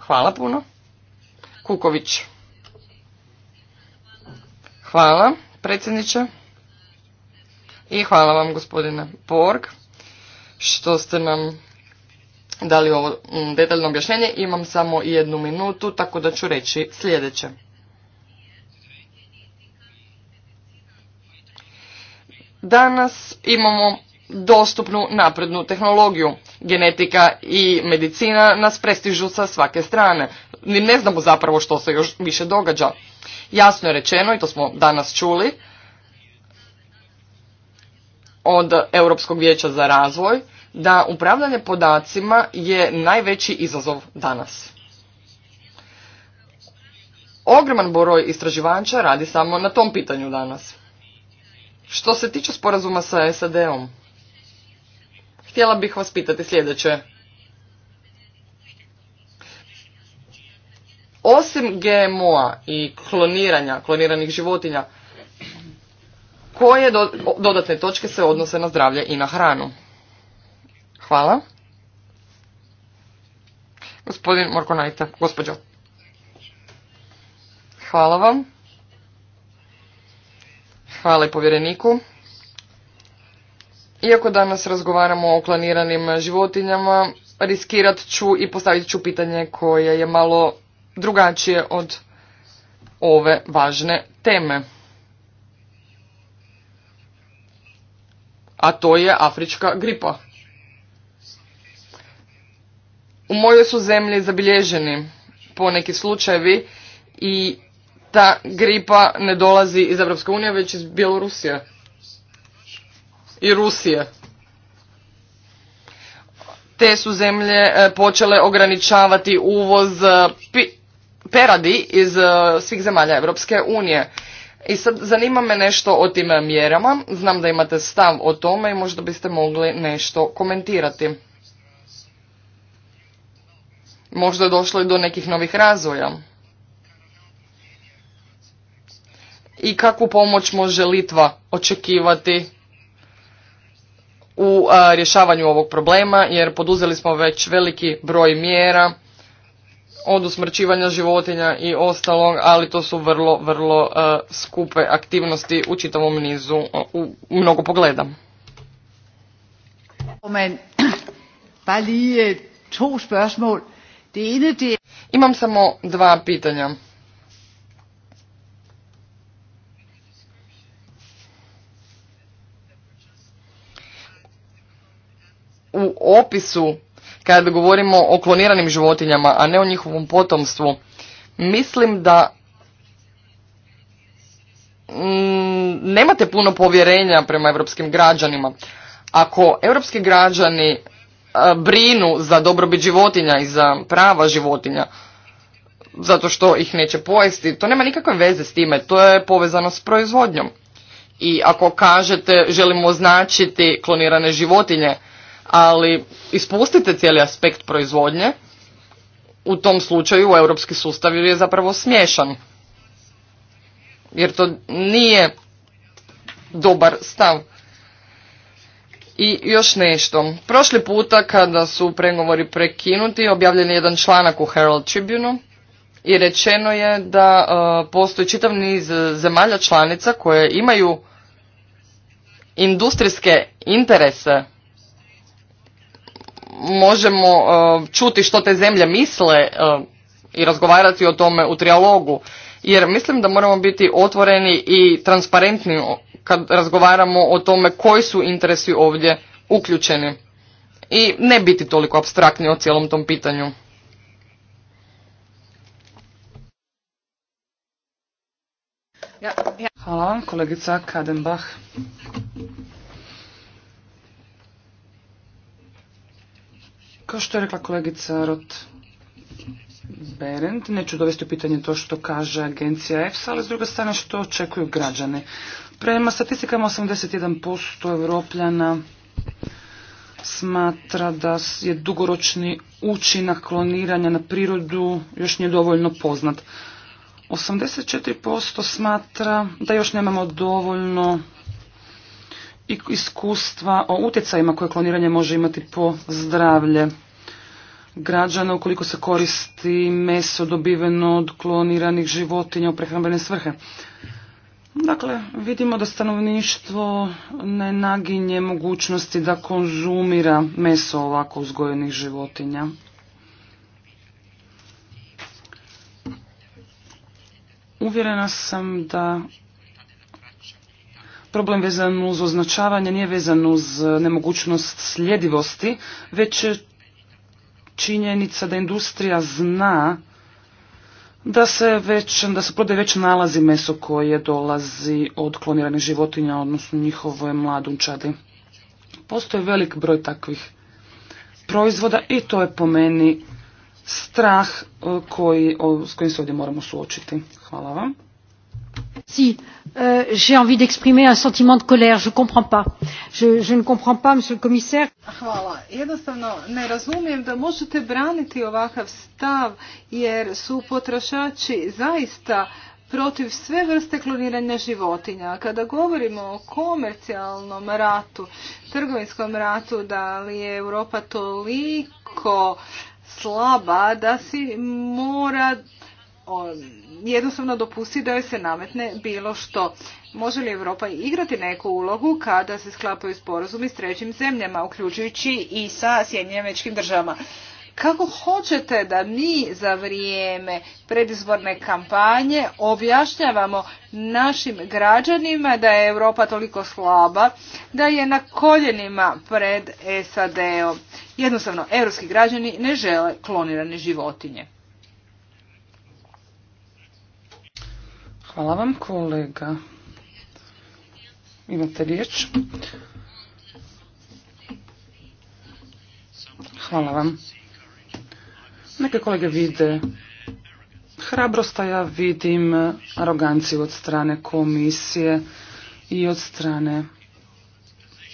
Hvala puno. Kuković. Hvala, predsjedniče. I hvala vam, gospodine Borg, što ste nam dali ovo mm, detaljno objašnjenje. Imam samo jednu minutu, tako da ću reći sljedeće. Danas imamo dostupnu naprednu tehnologiju. Genetika i medicina nas prestižu sa svake strane ni ne znamo zapravo što se još više događa. Jasno je rečeno, i to smo danas čuli, od Europskog vijeća za razvoj, da upravljanje podacima je najveći izazov danas. Ogroman broj istraživača radi samo na tom pitanju danas. Što se tiče sporazuma sa SAD-om, htjela bih vas pitati sljedeće. Osim GMO-a i kloniranja, kloniranih životinja, koje dodatne točke se odnose na zdravlje i na hranu? Hvala. Gospodin Morko gospođo. Hvala vam. Hvala i povjereniku. Iako danas razgovaramo o kloniranim životinjama, riskirat ću i postavit ću pitanje koje je malo drugačije od ove važne teme. A to je afrička gripa. U mojoj su zemlji zabilježeni neki slučajevi i ta gripa ne dolazi iz Evropske unije, već iz Bjelorusije i Rusije. Te su zemlje e, počele ograničavati uvoz e, peradi iz eh, svih zemalja Europske unije. I sad zanima me nešto o tim mjerama, znam da imate stav o tome i možda biste mogli nešto komentirati. Možda je došlo i do nekih novih razvoja. I kakvu pomoć može Litva očekivati u eh, rješavanju ovog problema jer poduzeli smo već veliki broj mjera od usmrćivanja životinja i ostalog, ali to su vrlo, vrlo e, skupe aktivnosti u čitavom nizu, e, u mnogo pogleda. Er- Imam samo dva pitanja. U opisu kad govorimo o kloniranim životinjama, a ne o njihovom potomstvu, mislim da mm, nemate puno povjerenja prema europskim građanima. Ako europski građani e, brinu za dobrobit životinja i za prava životinja, zato što ih neće pojesti, to nema nikakve veze s time, to je povezano s proizvodnjom. I ako kažete želimo označiti klonirane životinje, ali ispustite cijeli aspekt proizvodnje, u tom slučaju europski sustav je zapravo smješan. Jer to nije dobar stav. I još nešto. Prošli puta kada su pregovori prekinuti, objavljen je jedan članak u Herald Tribune i rečeno je da e, postoji čitav niz zemalja članica koje imaju industrijske interese možemo e, čuti što te zemlje misle e, i razgovarati o tome u trialogu. Jer mislim da moramo biti otvoreni i transparentni kad razgovaramo o tome koji su interesi ovdje uključeni. I ne biti toliko abstraktni o cijelom tom pitanju. Hvala kolegica Kadenbach. Kao što je rekla kolegica Rot Berend, neću dovesti u pitanje to što kaže agencija EFSA, ali s druge strane što očekuju građane. Prema statistikama 81% evropljana smatra da je dugoročni učinak kloniranja na prirodu još nije dovoljno poznat. 84% smatra da još nemamo dovoljno iskustva o utjecajima koje kloniranje može imati po zdravlje građana ukoliko se koristi meso dobiveno od kloniranih životinja u prehrambene svrhe. Dakle, vidimo da stanovništvo ne naginje mogućnosti da konzumira meso ovako uzgojenih životinja. Uvjerena sam da problem vezan uz označavanje nije vezan uz e, nemogućnost sljedivosti, već činjenica da industrija zna da se već, da se prodaje već nalazi meso koje dolazi od kloniranih životinja, odnosno njihove mladunčadi. Postoji velik broj takvih proizvoda i to je po meni strah e, koji, s kojim se ovdje moramo suočiti. Hvala vam. Si, euh, j'ai envie d'exprimer un sentiment de colère, je ne comprends pas. Je, ne comprends pas, monsieur le commissaire. Hvala. Jednostavno ne razumijem da možete braniti ovakav stav, jer su potrošači zaista protiv sve vrste kloniranja životinja. Kada govorimo o komercijalnom ratu, trgovinskom ratu, da li je Europa toliko slaba da si mora jednostavno dopusti da joj se nametne bilo što. Može li Europa igrati neku ulogu kada se sklapaju sporazumi s trećim zemljama, uključujući i sa Sjedinjenim državama? Kako hoćete da mi za vrijeme predizborne kampanje objašnjavamo našim građanima da je Europa toliko slaba, da je na koljenima pred SAD-om? Jednostavno, europski građani ne žele klonirane životinje. Hvala vam kolega. Imate riječ. Hvala vam. Neke kolege vide hrabrost, a ja vidim aroganciju od strane komisije i od strane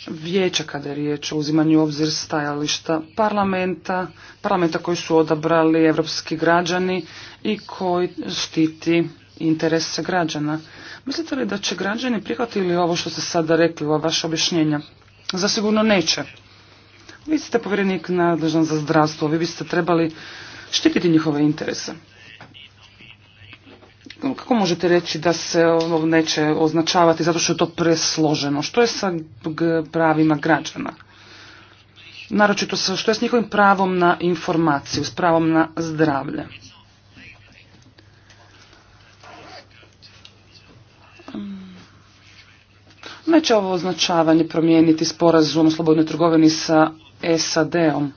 vijeća kada je riječ o uzimanju obzir stajališta parlamenta, parlamenta koji su odabrali evropski građani i koji štiti interese građana. Mislite li da će građani prihvatili ovo što ste sada rekli, ova vaša objašnjenja? Zasigurno neće. Vi ste povjerenik nadležan za zdravstvo, vi biste trebali štititi njihove interese. Kako možete reći da se ovo neće označavati zato što je to presloženo? Što je sa pravima građana? Naročito što je s njihovim pravom na informaciju, s pravom na zdravlje? Neće ovo označavanje promijeniti sporazum o slobodnoj trgovini sa SAD-om.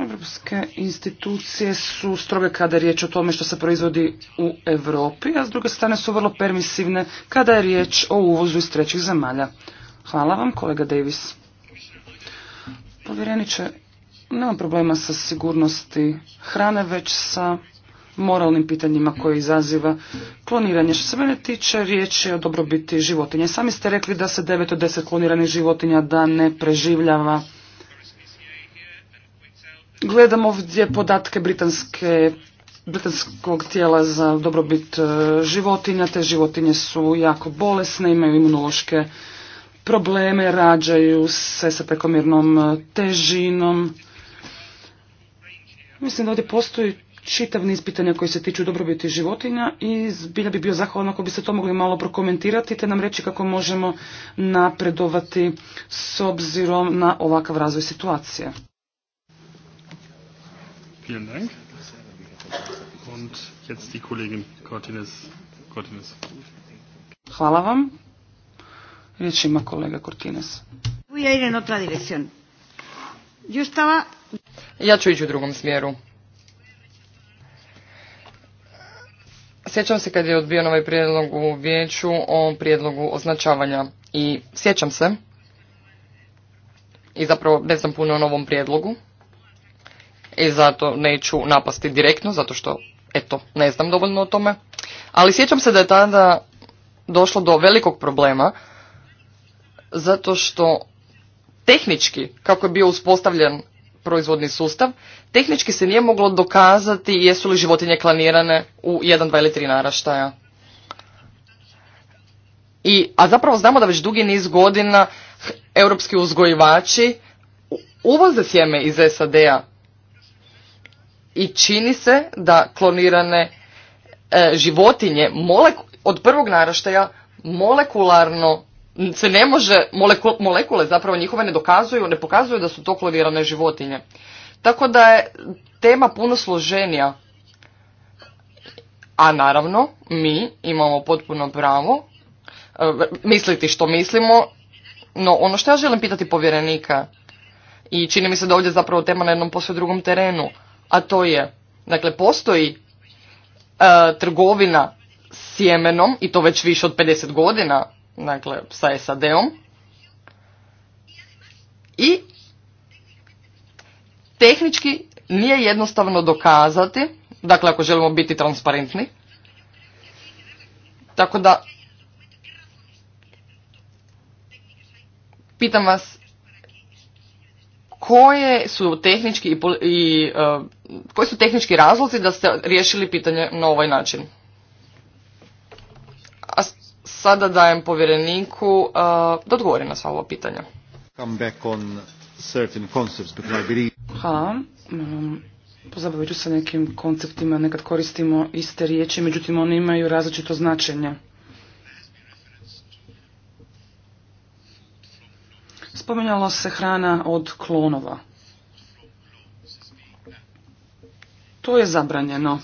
Europske institucije su stroge kada je riječ o tome što se proizvodi u Europi, a s druge strane su vrlo permisivne kada je riječ o uvozu iz trećih zemalja. Hvala vam, kolega Davis. Povjereniče, nemam problema sa sigurnosti hrane, već sa moralnim pitanjima koje izaziva kloniranje. Što se mene tiče, riječ je o dobrobiti životinja. Sami ste rekli da se 9 od 10 kloniranih životinja da ne preživljava. Gledam ovdje podatke britanske britanskog tijela za dobrobit e, životinja. Te životinje su jako bolesne, imaju imunološke probleme, rađaju se sa prekomjernom e, težinom. Mislim da ovdje postoji čitav niz pitanja koji se tiču dobrobiti životinja i zbilja bi bio zahvalan ako biste to mogli malo prokomentirati te nam reći kako možemo napredovati s obzirom na ovakav razvoj situacije. Vielen Hvala vam. Riječ ima kolega Cortines. Ja ću ići u drugom smjeru. Sjećam se kad je odbijen ovaj prijedlog u vijeću o prijedlogu označavanja i sjećam se i zapravo ne znam puno o novom prijedlogu i zato neću napasti direktno zato što eto ne znam dovoljno o tome ali sjećam se da je tada došlo do velikog problema zato što tehnički kako je bio uspostavljen proizvodni sustav, tehnički se nije moglo dokazati jesu li životinje klanirane u jedan, dva ili tri naraštaja. I, a zapravo znamo da već dugi niz godina europski uzgojivači uvoze sjeme iz SAD-a i čini se da klonirane e, životinje molek, od prvog naraštaja molekularno se ne može, molekule, zapravo njihove ne dokazuju, ne pokazuju da su to životinje. Tako da je tema puno složenija. A naravno, mi imamo potpuno pravo e, misliti što mislimo, no ono što ja želim pitati povjerenika, i čini mi se da ovdje zapravo tema na jednom posve drugom terenu, a to je, dakle, postoji e, trgovina sjemenom, i to već više od 50 godina, dakle, sa SAD-om. I tehnički nije jednostavno dokazati, dakle ako želimo biti transparentni, tako da pitam vas koje su tehnički i, i e, koji su tehnički razlozi da ste riješili pitanje na ovaj način? sada dajem povjereniku uh, da odgovori na sva ovo pitanja. Hvala vam. Pozabavit ću se nekim konceptima, nekad koristimo iste riječi, međutim one imaju različito značenje. Spominjala se hrana od klonova. To je zabranjeno.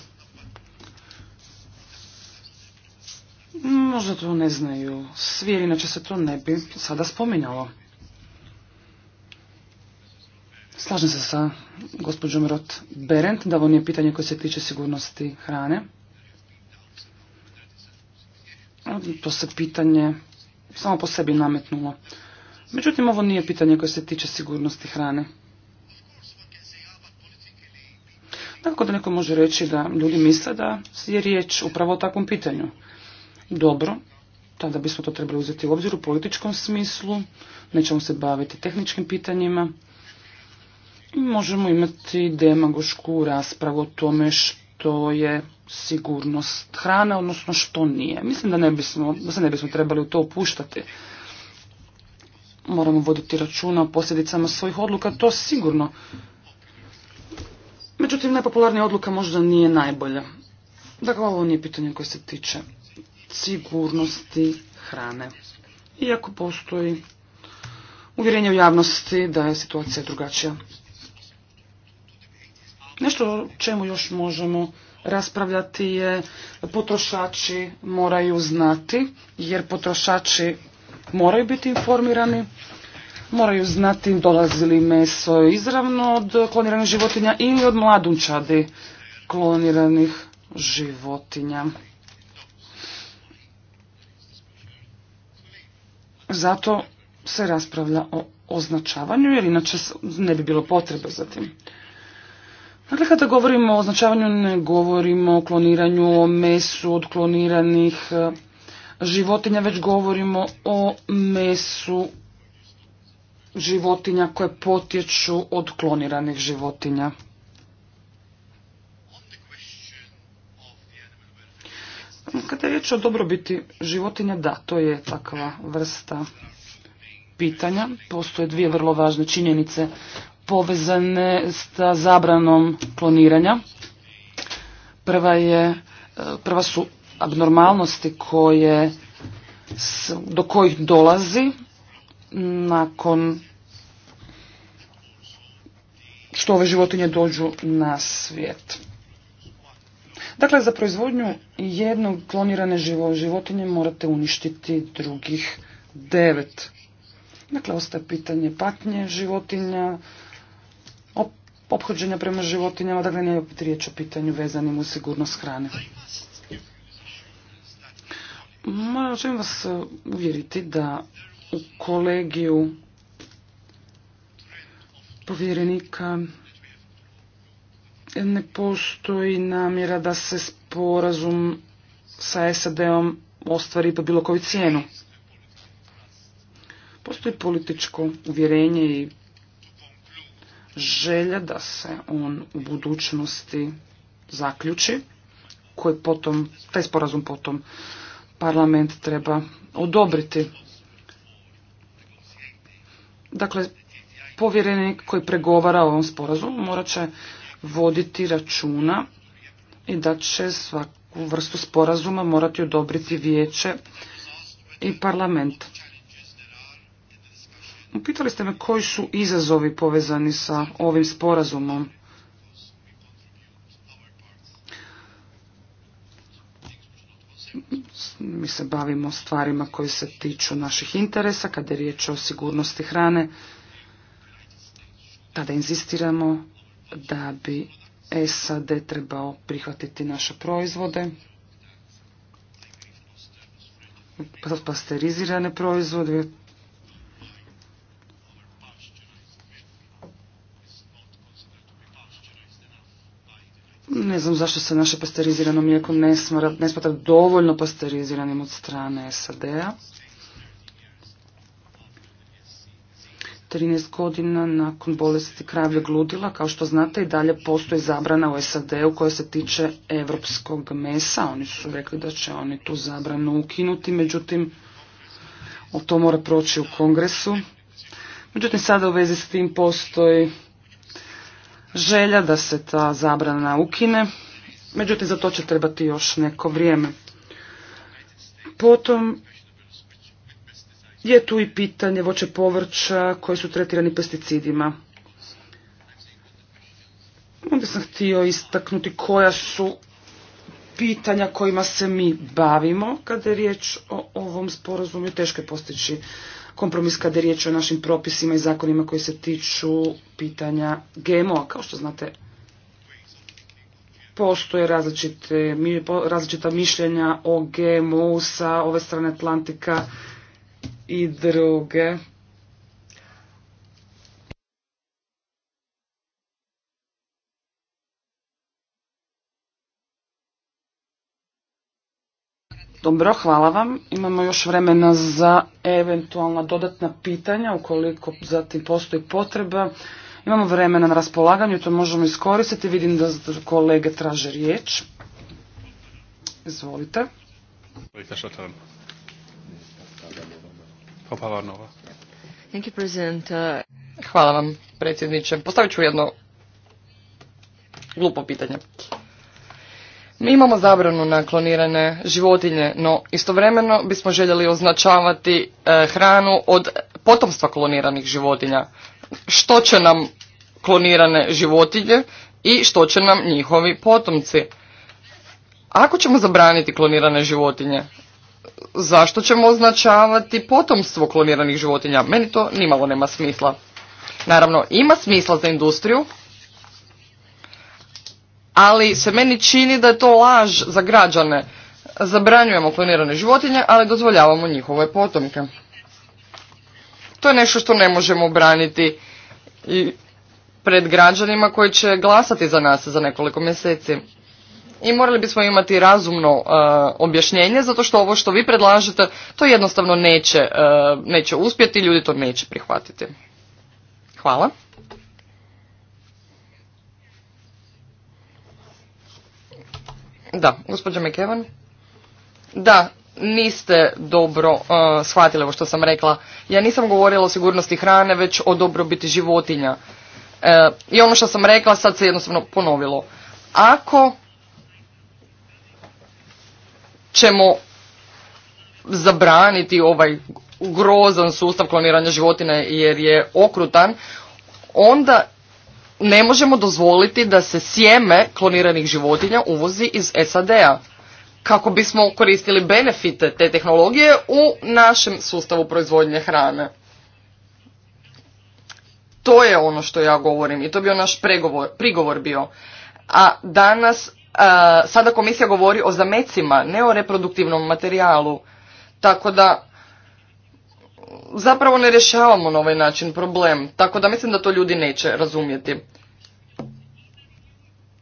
Možda to ne znaju svi, jer inače se to ne bi sada spominjalo. Slažem se sa gospođom roth Berend da ovo nije pitanje koje se tiče sigurnosti hrane. To se pitanje samo po sebi nametnulo. Međutim, ovo nije pitanje koje se tiče sigurnosti hrane. Tako da neko može reći da ljudi misle da je riječ upravo o takvom pitanju. Dobro, tada bismo to trebali uzeti u obzir u političkom smislu, nećemo se baviti tehničkim pitanjima. možemo imati demagošku raspravu o tome što je sigurnost hrane, odnosno što nije. Mislim da, ne bismo, da se ne bismo trebali u to opuštati Moramo voditi računa o posljedicama svojih odluka, to sigurno. Međutim, najpopularnija odluka možda nije najbolja. Dakle, ovo nije pitanje koje se tiče sigurnosti hrane. Iako postoji uvjerenje u javnosti da je situacija drugačija. Nešto o čemu još možemo raspravljati je potrošači moraju znati, jer potrošači moraju biti informirani, moraju znati dolazi li meso izravno od kloniranih životinja ili od mladunčadi kloniranih životinja. Zato se raspravlja o označavanju, jer inače ne bi bilo potrebe za tim. Dakle, kada govorimo o označavanju, ne govorimo o kloniranju, o mesu od kloniranih e, životinja, već govorimo o mesu životinja koje potječu od kloniranih životinja. Kada je riječ o dobrobiti životinja, da, to je takva vrsta pitanja. Postoje dvije vrlo važne činjenice povezane sa zabranom kloniranja. Prva, je, eh, prva su abnormalnosti koje, do kojih dolazi nakon što ove životinje dođu na svijet. Dakle, za proizvodnju jednog klonirane životinje morate uništiti drugih devet. Dakle, ostaje pitanje patnje životinja, ophođenja prema životinjama, dakle nije opet riječ o pitanju vezanim u sigurnost hrane. Moram želim vas e, uvjeriti da u kolegiju povjerenika ne postoji namjera da se sporazum sa SAD-om ostvari po bilo koju cijenu. Postoji političko uvjerenje i želja da se on u budućnosti zaključi, koji potom, taj sporazum potom parlament treba odobriti. Dakle, povjerenik koji pregovara o ovom sporazumu morat će voditi računa i da će svaku vrstu sporazuma morati odobriti vijeće i parlament. Upitali ste me koji su izazovi povezani sa ovim sporazumom. Mi se bavimo stvarima koje se tiču naših interesa, kada je riječ o sigurnosti hrane, tada inzistiramo da bi SAD trebao prihvatiti naše proizvode, pasterizirane proizvode, Ne znam zašto se naše pasterizirano mlijeko ne, smatra dovoljno pasteriziranim od strane SAD-a. 13 godina nakon bolesti kravljeg gludila, kao što znate i dalje postoji zabrana u SAD-u koja se tiče evropskog mesa. Oni su rekli da će oni tu zabranu ukinuti, međutim to mora proći u kongresu. Međutim sada u vezi s tim postoji želja da se ta zabrana ukine, međutim za to će trebati još neko vrijeme. Potom je tu i pitanje voće povrća koji su tretirani pesticidima. Onda sam htio istaknuti koja su pitanja kojima se mi bavimo kada je riječ o ovom sporazumu i teško je postići kompromis kada je riječ o našim propisima i zakonima koji se tiču pitanja GMO. Kao što znate, postoje različite, različita mišljenja o GMO sa ove strane Atlantika i druge. Dobro, hvala vam. Imamo još vremena za eventualna dodatna pitanja, ukoliko zatim postoji potreba. Imamo vremena na raspolaganju, to možemo iskoristiti. Vidim da kolege traže riječ. Izvolite. Hvala vam, predsjedniče. Postavit ću jedno glupo pitanje. Mi imamo zabranu na klonirane životinje, no istovremeno bismo željeli označavati e, hranu od potomstva kloniranih životinja. Što će nam klonirane životinje i što će nam njihovi potomci? Ako ćemo zabraniti klonirane životinje, zašto ćemo označavati potomstvo kloniranih životinja? Meni to nimalo nema smisla. Naravno, ima smisla za industriju, ali se meni čini da je to laž za građane. Zabranjujemo klonirane životinje, ali dozvoljavamo njihove potomke. To je nešto što ne možemo braniti i pred građanima koji će glasati za nas za nekoliko mjeseci i morali bismo imati razumno e, objašnjenje zato što ovo što vi predlažete to jednostavno neće, e, neće uspjeti, ljudi to neće prihvatiti. Hvala. Da, gospođa Mekevan. Da, niste dobro uh, shvatili ovo što sam rekla. Ja nisam govorila o sigurnosti hrane, već o dobrobiti životinja. I ono što sam rekla sad se jednostavno ponovilo. Ako ćemo zabraniti ovaj grozan sustav kloniranja životinja jer je okrutan, onda ne možemo dozvoliti da se sjeme kloniranih životinja uvozi iz SAD-a kako bismo koristili benefite te tehnologije u našem sustavu proizvodnje hrane. To je ono što ja govorim i to bi bio naš pregovor, prigovor bio. A danas E, sada komisija govori o zamecima, ne o reproduktivnom materijalu. Tako da zapravo ne rješavamo na ovaj način problem. Tako da mislim da to ljudi neće razumjeti.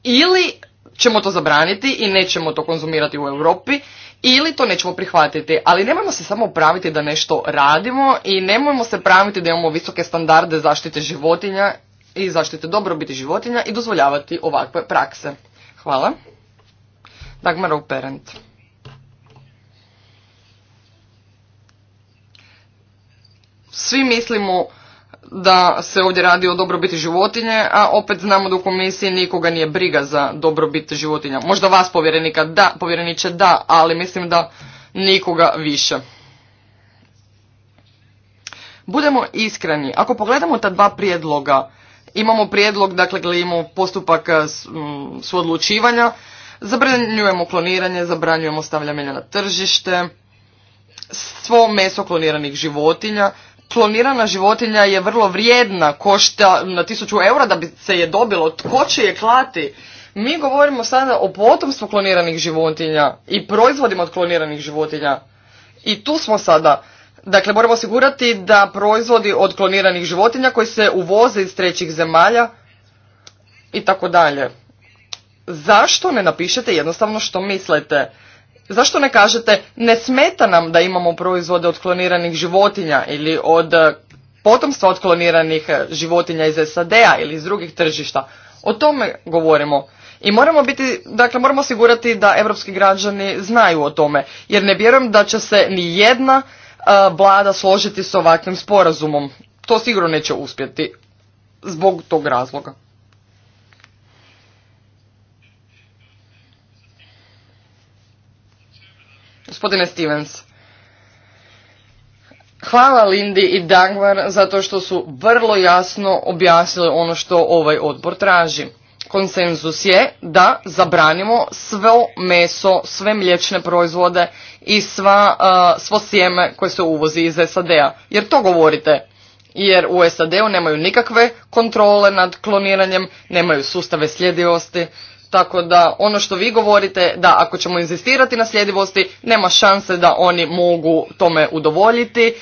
Ili ćemo to zabraniti i nećemo to konzumirati u Europi, ili to nećemo prihvatiti. Ali nemojmo se samo praviti da nešto radimo i nemojmo se praviti da imamo visoke standarde zaštite životinja i zaštite dobrobiti životinja i dozvoljavati ovakve prakse. Hvala. Dagmar Svi mislimo da se ovdje radi o dobrobiti životinje, a opet znamo da u komisiji nikoga nije briga za dobrobit životinja. Možda vas povjerenika da, povjereniče da, ali mislim da nikoga više. Budemo iskreni, ako pogledamo ta dva prijedloga, Imamo prijedlog, dakle imamo postupak e, suodlučivanja, zabranjujemo kloniranje, zabranjujemo stavljanje na tržište, svo meso kloniranih životinja. Klonirana životinja je vrlo vrijedna, košta na tisuću eura da bi se je dobilo, tko će je klati? Mi govorimo sada o potomstvu kloniranih životinja i proizvodima od kloniranih životinja. I tu smo sada. Dakle, moramo osigurati da proizvodi od kloniranih životinja koji se uvoze iz trećih zemalja i tako dalje. Zašto ne napišete jednostavno što mislite? Zašto ne kažete ne smeta nam da imamo proizvode od kloniranih životinja ili od eh, potomstva od kloniranih eh, životinja iz SAD-a ili iz drugih tržišta? O tome govorimo. I moramo biti, dakle moramo osigurati da europski građani znaju o tome, jer ne vjerujem da će se ni jedna E, vlada složiti s ovakvim sporazumom. To sigurno neće uspjeti zbog tog razloga. Gospodine Stevens, hvala Lindi i Dagmar zato što su vrlo jasno objasnili ono što ovaj odbor traži konsenzus je da zabranimo svo meso, sve mliječne proizvode i sva, uh, svo sjeme koje se uvozi iz SAD-a. Jer to govorite. Jer u SAD-u nemaju nikakve kontrole nad kloniranjem, nemaju sustave sljedivosti. Tako da ono što vi govorite, da ako ćemo inzistirati na sljedivosti, nema šanse da oni mogu tome udovoljiti.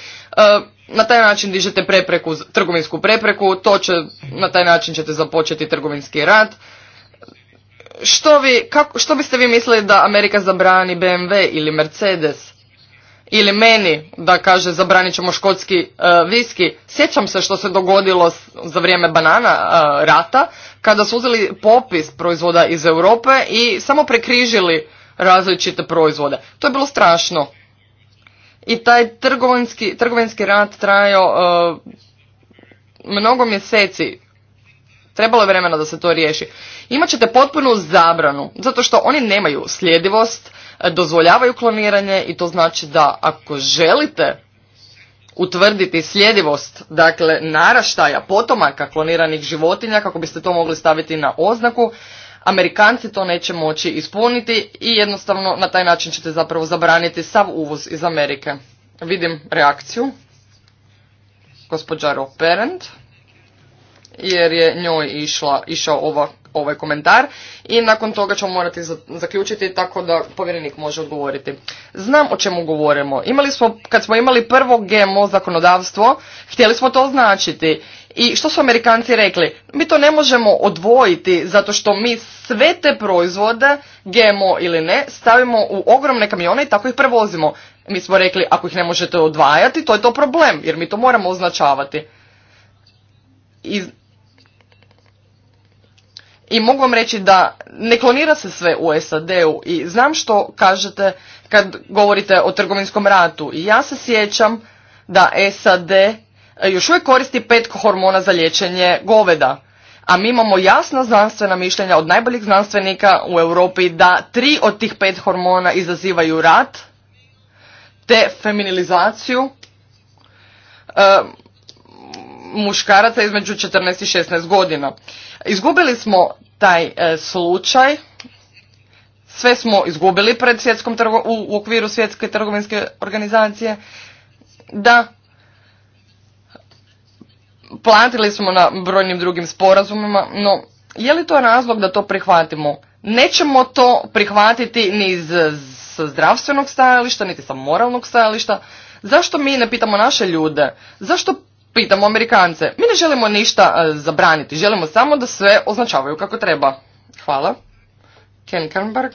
Uh, na taj način dižete prepreku, trgovinsku prepreku, to će, na taj način ćete započeti trgovinski rat. Što, vi, kako, što biste vi mislili da Amerika zabrani BMW ili Mercedes? Ili meni da kaže zabranit ćemo škotski e, viski. Sjećam se što se dogodilo za vrijeme banana e, rata kada su uzeli popis proizvoda iz Europe i samo prekrižili različite proizvode. To je bilo strašno i taj trgovinski, rat trajao e, mnogo mjeseci. Trebalo je vremena da se to riješi. imat ćete potpunu zabranu, zato što oni nemaju sljedivost, e, dozvoljavaju kloniranje i to znači da ako želite utvrditi sljedivost dakle naraštaja potomaka kloniranih životinja kako biste to mogli staviti na oznaku Amerikanci to neće moći ispuniti i jednostavno na taj način ćete zapravo zabraniti sav uvoz iz Amerike. Vidim reakciju gospođa Roperent jer je njoj išla, išao ova ovaj komentar i nakon toga ćemo morati zaključiti tako da povjerenik može odgovoriti. Znam o čemu govorimo. Imali smo, kad smo imali prvo GMO zakonodavstvo, htjeli smo to označiti. I što su Amerikanci rekli? Mi to ne možemo odvojiti zato što mi sve te proizvode, GMO ili ne, stavimo u ogromne kamione i tako ih prevozimo. Mi smo rekli, ako ih ne možete odvajati, to je to problem, jer mi to moramo označavati. I i mogu vam reći da ne klonira se sve u SAD-u i znam što kažete kad govorite o trgovinskom ratu. I ja se sjećam da SAD e, još uvijek koristi pet hormona za liječenje goveda. A mi imamo jasna znanstvena mišljenja od najboljih znanstvenika u Europi da tri od tih pet hormona izazivaju rat, te feminilizaciju e, muškaraca između 14 i 16 godina. Izgubili smo taj e, slučaj, sve smo izgubili pred svjetskom u okviru svjetske trgovinske organizacije, da platili smo na brojnim drugim sporazumima, no je li to razlog da to prihvatimo? Nećemo to prihvatiti ni iz zdravstvenog stajališta, niti sa moralnog stajališta. Zašto mi ne pitamo naše ljude? Zašto pitamo Amerikance. Mi ne želimo ništa e, zabraniti, želimo samo da sve označavaju kako treba. Hvala. Ken Kernberg.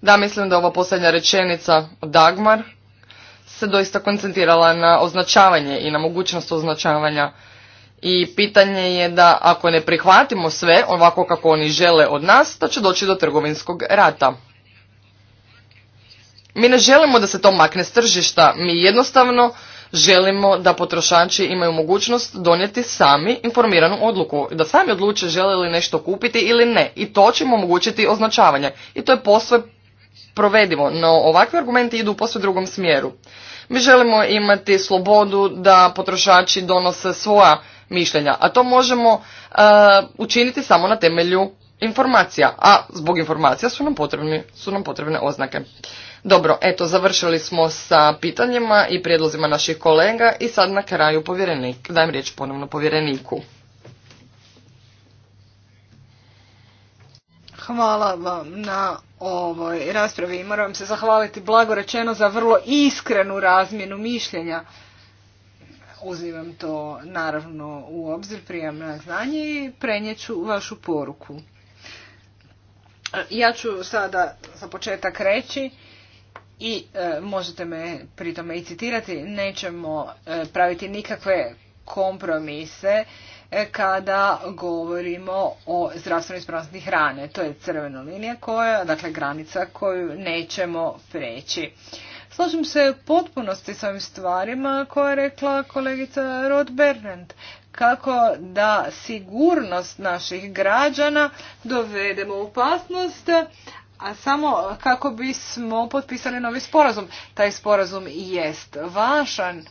Da, mislim da ova posljednja rečenica Dagmar se doista koncentrirala na označavanje i na mogućnost označavanja. I pitanje je da ako ne prihvatimo sve ovako kako oni žele od nas, da će doći do trgovinskog rata. Mi ne želimo da se to makne s tržišta, mi jednostavno želimo da potrošači imaju mogućnost donijeti sami informiranu odluku, da sami odluče žele li nešto kupiti ili ne. I to ćemo omogućiti označavanje. I to je posve provedivo, no ovakvi argumenti idu u posve drugom smjeru. Mi želimo imati slobodu da potrošači donose svoja mišljenja, a to možemo e, učiniti samo na temelju informacija, a zbog informacija su nam, potrebni, su nam potrebne oznake. Dobro, eto, završili smo sa pitanjima i prijedlozima naših kolega i sad na kraju povjerenik, dajem riječ ponovno povjereniku. Hvala vam na ovoj raspravi i moram se zahvaliti blago rečeno za vrlo iskrenu razmjenu mišljenja. Uzimam to naravno u obzir, prijemno znanje i prenjeću vašu poruku. E, ja ću sada za početak reći i e, možete me pri tome i citirati, nećemo e, praviti nikakve kompromise kada govorimo o zdravstvenoj ispravnosti hrane. To je crvena linija koja, dakle granica koju nećemo preći. Slažem se potpunosti s ovim stvarima koje je rekla kolegica Rod Bernand kako da sigurnost naših građana dovedemo u opasnost, a samo kako bismo potpisali novi sporazum. Taj sporazum jest važan,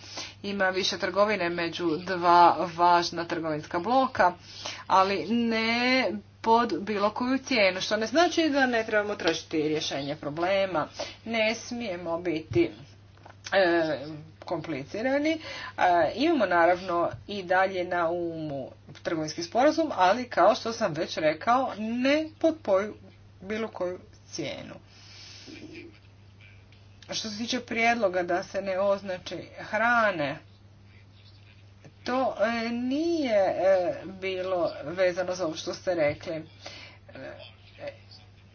ima više trgovine među dva važna trgovinska bloka, ali ne pod bilo koju cijenu, što ne znači da ne trebamo tražiti rješenje problema, ne smijemo biti e, komplicirani. E, imamo naravno i dalje na umu trgovinski sporazum, ali kao što sam već rekao, ne pod poju, bilo koju cijenu. Što se tiče prijedloga da se ne označi hrane, to e, nije e, bilo vezano za ovo što ste rekli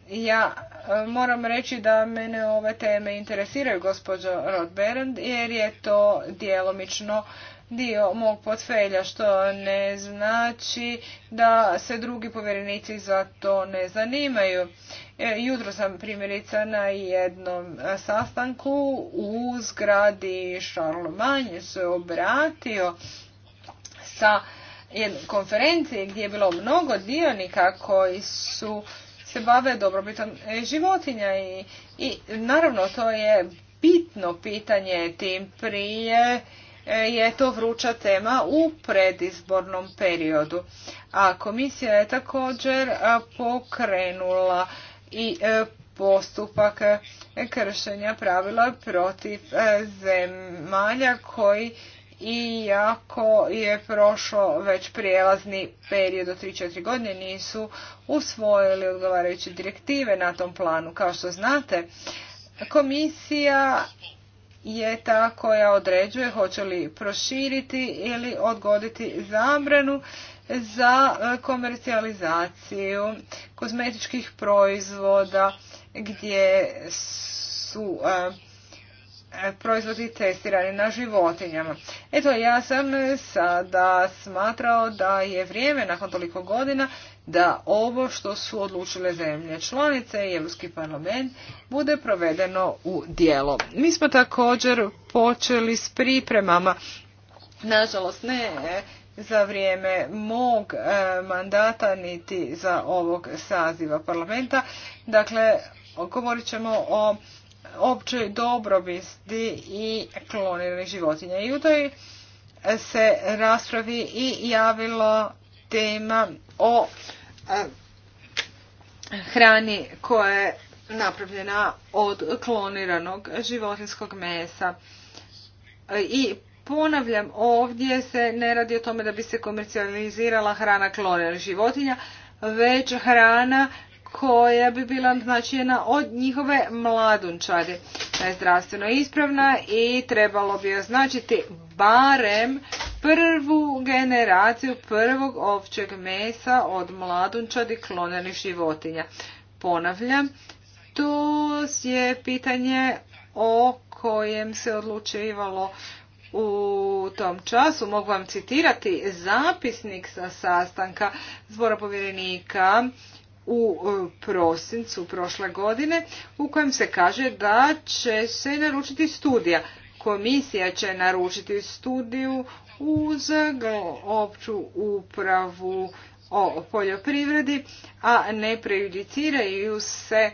ja e, moram reći da mene ove teme interesiraju, gospođo Rodberend, jer je to djelomično dio mog potfelja, što ne znači da se drugi povjerenici za to ne zanimaju. E, jutro sam primjerica na jednom sastanku u zgradi Šarlomanje se obratio sa jednom konferenciji gdje je bilo mnogo dionika koji su se bave dobrobitom e, životinja i, i naravno to je bitno pitanje tim prije e, je to vruća tema u predizbornom periodu. A komisija je također pokrenula i e, postupak kršenja pravila protiv zemalja koji i je prošlo već prijelazni period od 3-4 godine nisu usvojili odgovarajuće direktive na tom planu. Kao što znate, komisija je ta koja određuje hoće li proširiti ili odgoditi zabranu za komercijalizaciju kozmetičkih proizvoda gdje su proizvodi testirani na životinjama. Eto, ja sam sada smatrao da je vrijeme nakon toliko godina da ovo što su odlučile zemlje članice i Europski parlament bude provedeno u dijelo. Mi smo također počeli s pripremama, nažalost ne za vrijeme mog e, mandata niti za ovog saziva parlamenta. Dakle, govorit ćemo o općoj dobrobiti i kloniranih životinja. I u toj se raspravi i javilo tema o e, hrani koja je napravljena od kloniranog životinskog mesa. I ponavljam, ovdje se ne radi o tome da bi se komercijalizirala hrana kloniranih životinja, već hrana koja bi bila značena od njihove mladunčade. Da je zdravstveno ispravna i trebalo bi označiti barem prvu generaciju prvog ovčeg mesa od mladunčadi klonjenih životinja. Ponavljam, to je pitanje o kojem se odlučivalo u tom času. Mogu vam citirati zapisnik sa sastanka zbora povjerenika u e, prosincu prošle godine u kojem se kaže da će se naručiti studija. Komisija će naručiti studiju uz opću upravu o poljoprivredi, a ne prejudiciraju se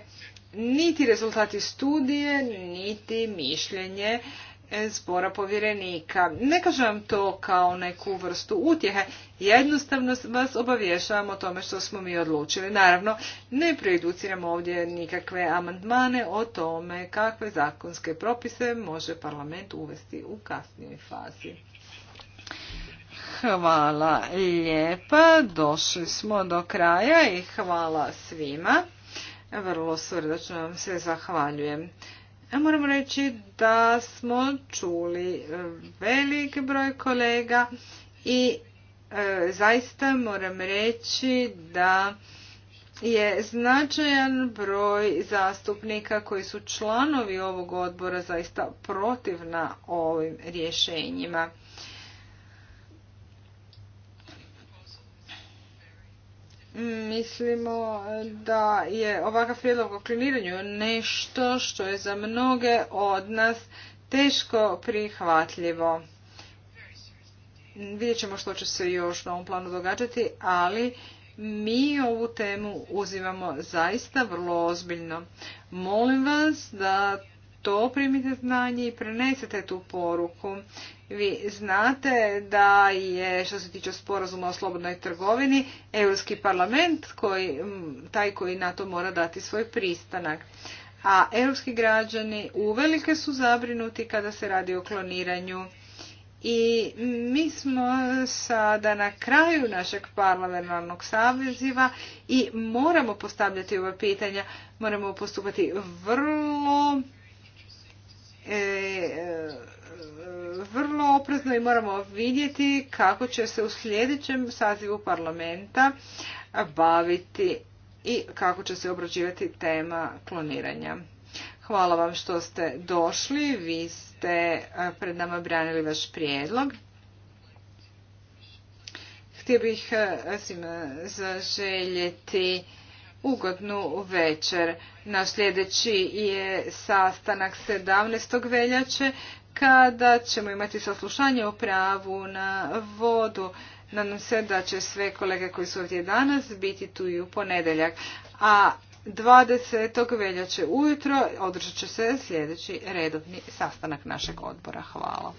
niti rezultati studije, niti mišljenje zbora povjerenika. Ne kažem vam to kao neku vrstu utjehe, jednostavno vas obavješavam o tome što smo mi odlučili. Naravno, ne prejuduciramo ovdje nikakve amandmane o tome kakve zakonske propise može parlament uvesti u kasnijoj fazi. Hvala lijepa, došli smo do kraja i hvala svima. Vrlo srdačno vam se zahvaljujem. Moram reći da smo čuli e, velik broj kolega i e, zaista moram reći da je značajan broj zastupnika koji su članovi ovog odbora zaista protivna ovim rješenjima. mislimo eh, da je ovakav prijedlog o kliniranju nešto što je za mnoge od nas teško prihvatljivo. Vidjet ćemo što će se još na ovom planu događati, ali mi ovu temu uzimamo zaista vrlo ozbiljno. Molim vas da to primite znanje i prenesete tu poruku. Vi znate da je što se tiče sporazuma o slobodnoj trgovini Europski parlament koji, taj koji na to mora dati svoj pristanak. A europski građani uvelike su zabrinuti kada se radi o kloniranju i mi smo sada na kraju našeg parlamentarnog saveziva i moramo postavljati ova pitanja, moramo postupati vrlo E, e, vrlo oprezno i moramo vidjeti kako će se u sljedećem sazivu parlamenta baviti i kako će se obrađivati tema kloniranja. Hvala vam što ste došli. Vi ste e, pred nama branili vaš prijedlog. Htio bih svima zaželjeti ugodnu večer. Na sljedeći je sastanak 17. veljače kada ćemo imati saslušanje o pravu na vodu. Nadam se da će sve kolege koji su ovdje danas biti tu i u ponedeljak. A 20. veljače ujutro održat će se sljedeći redovni sastanak našeg odbora. Hvala.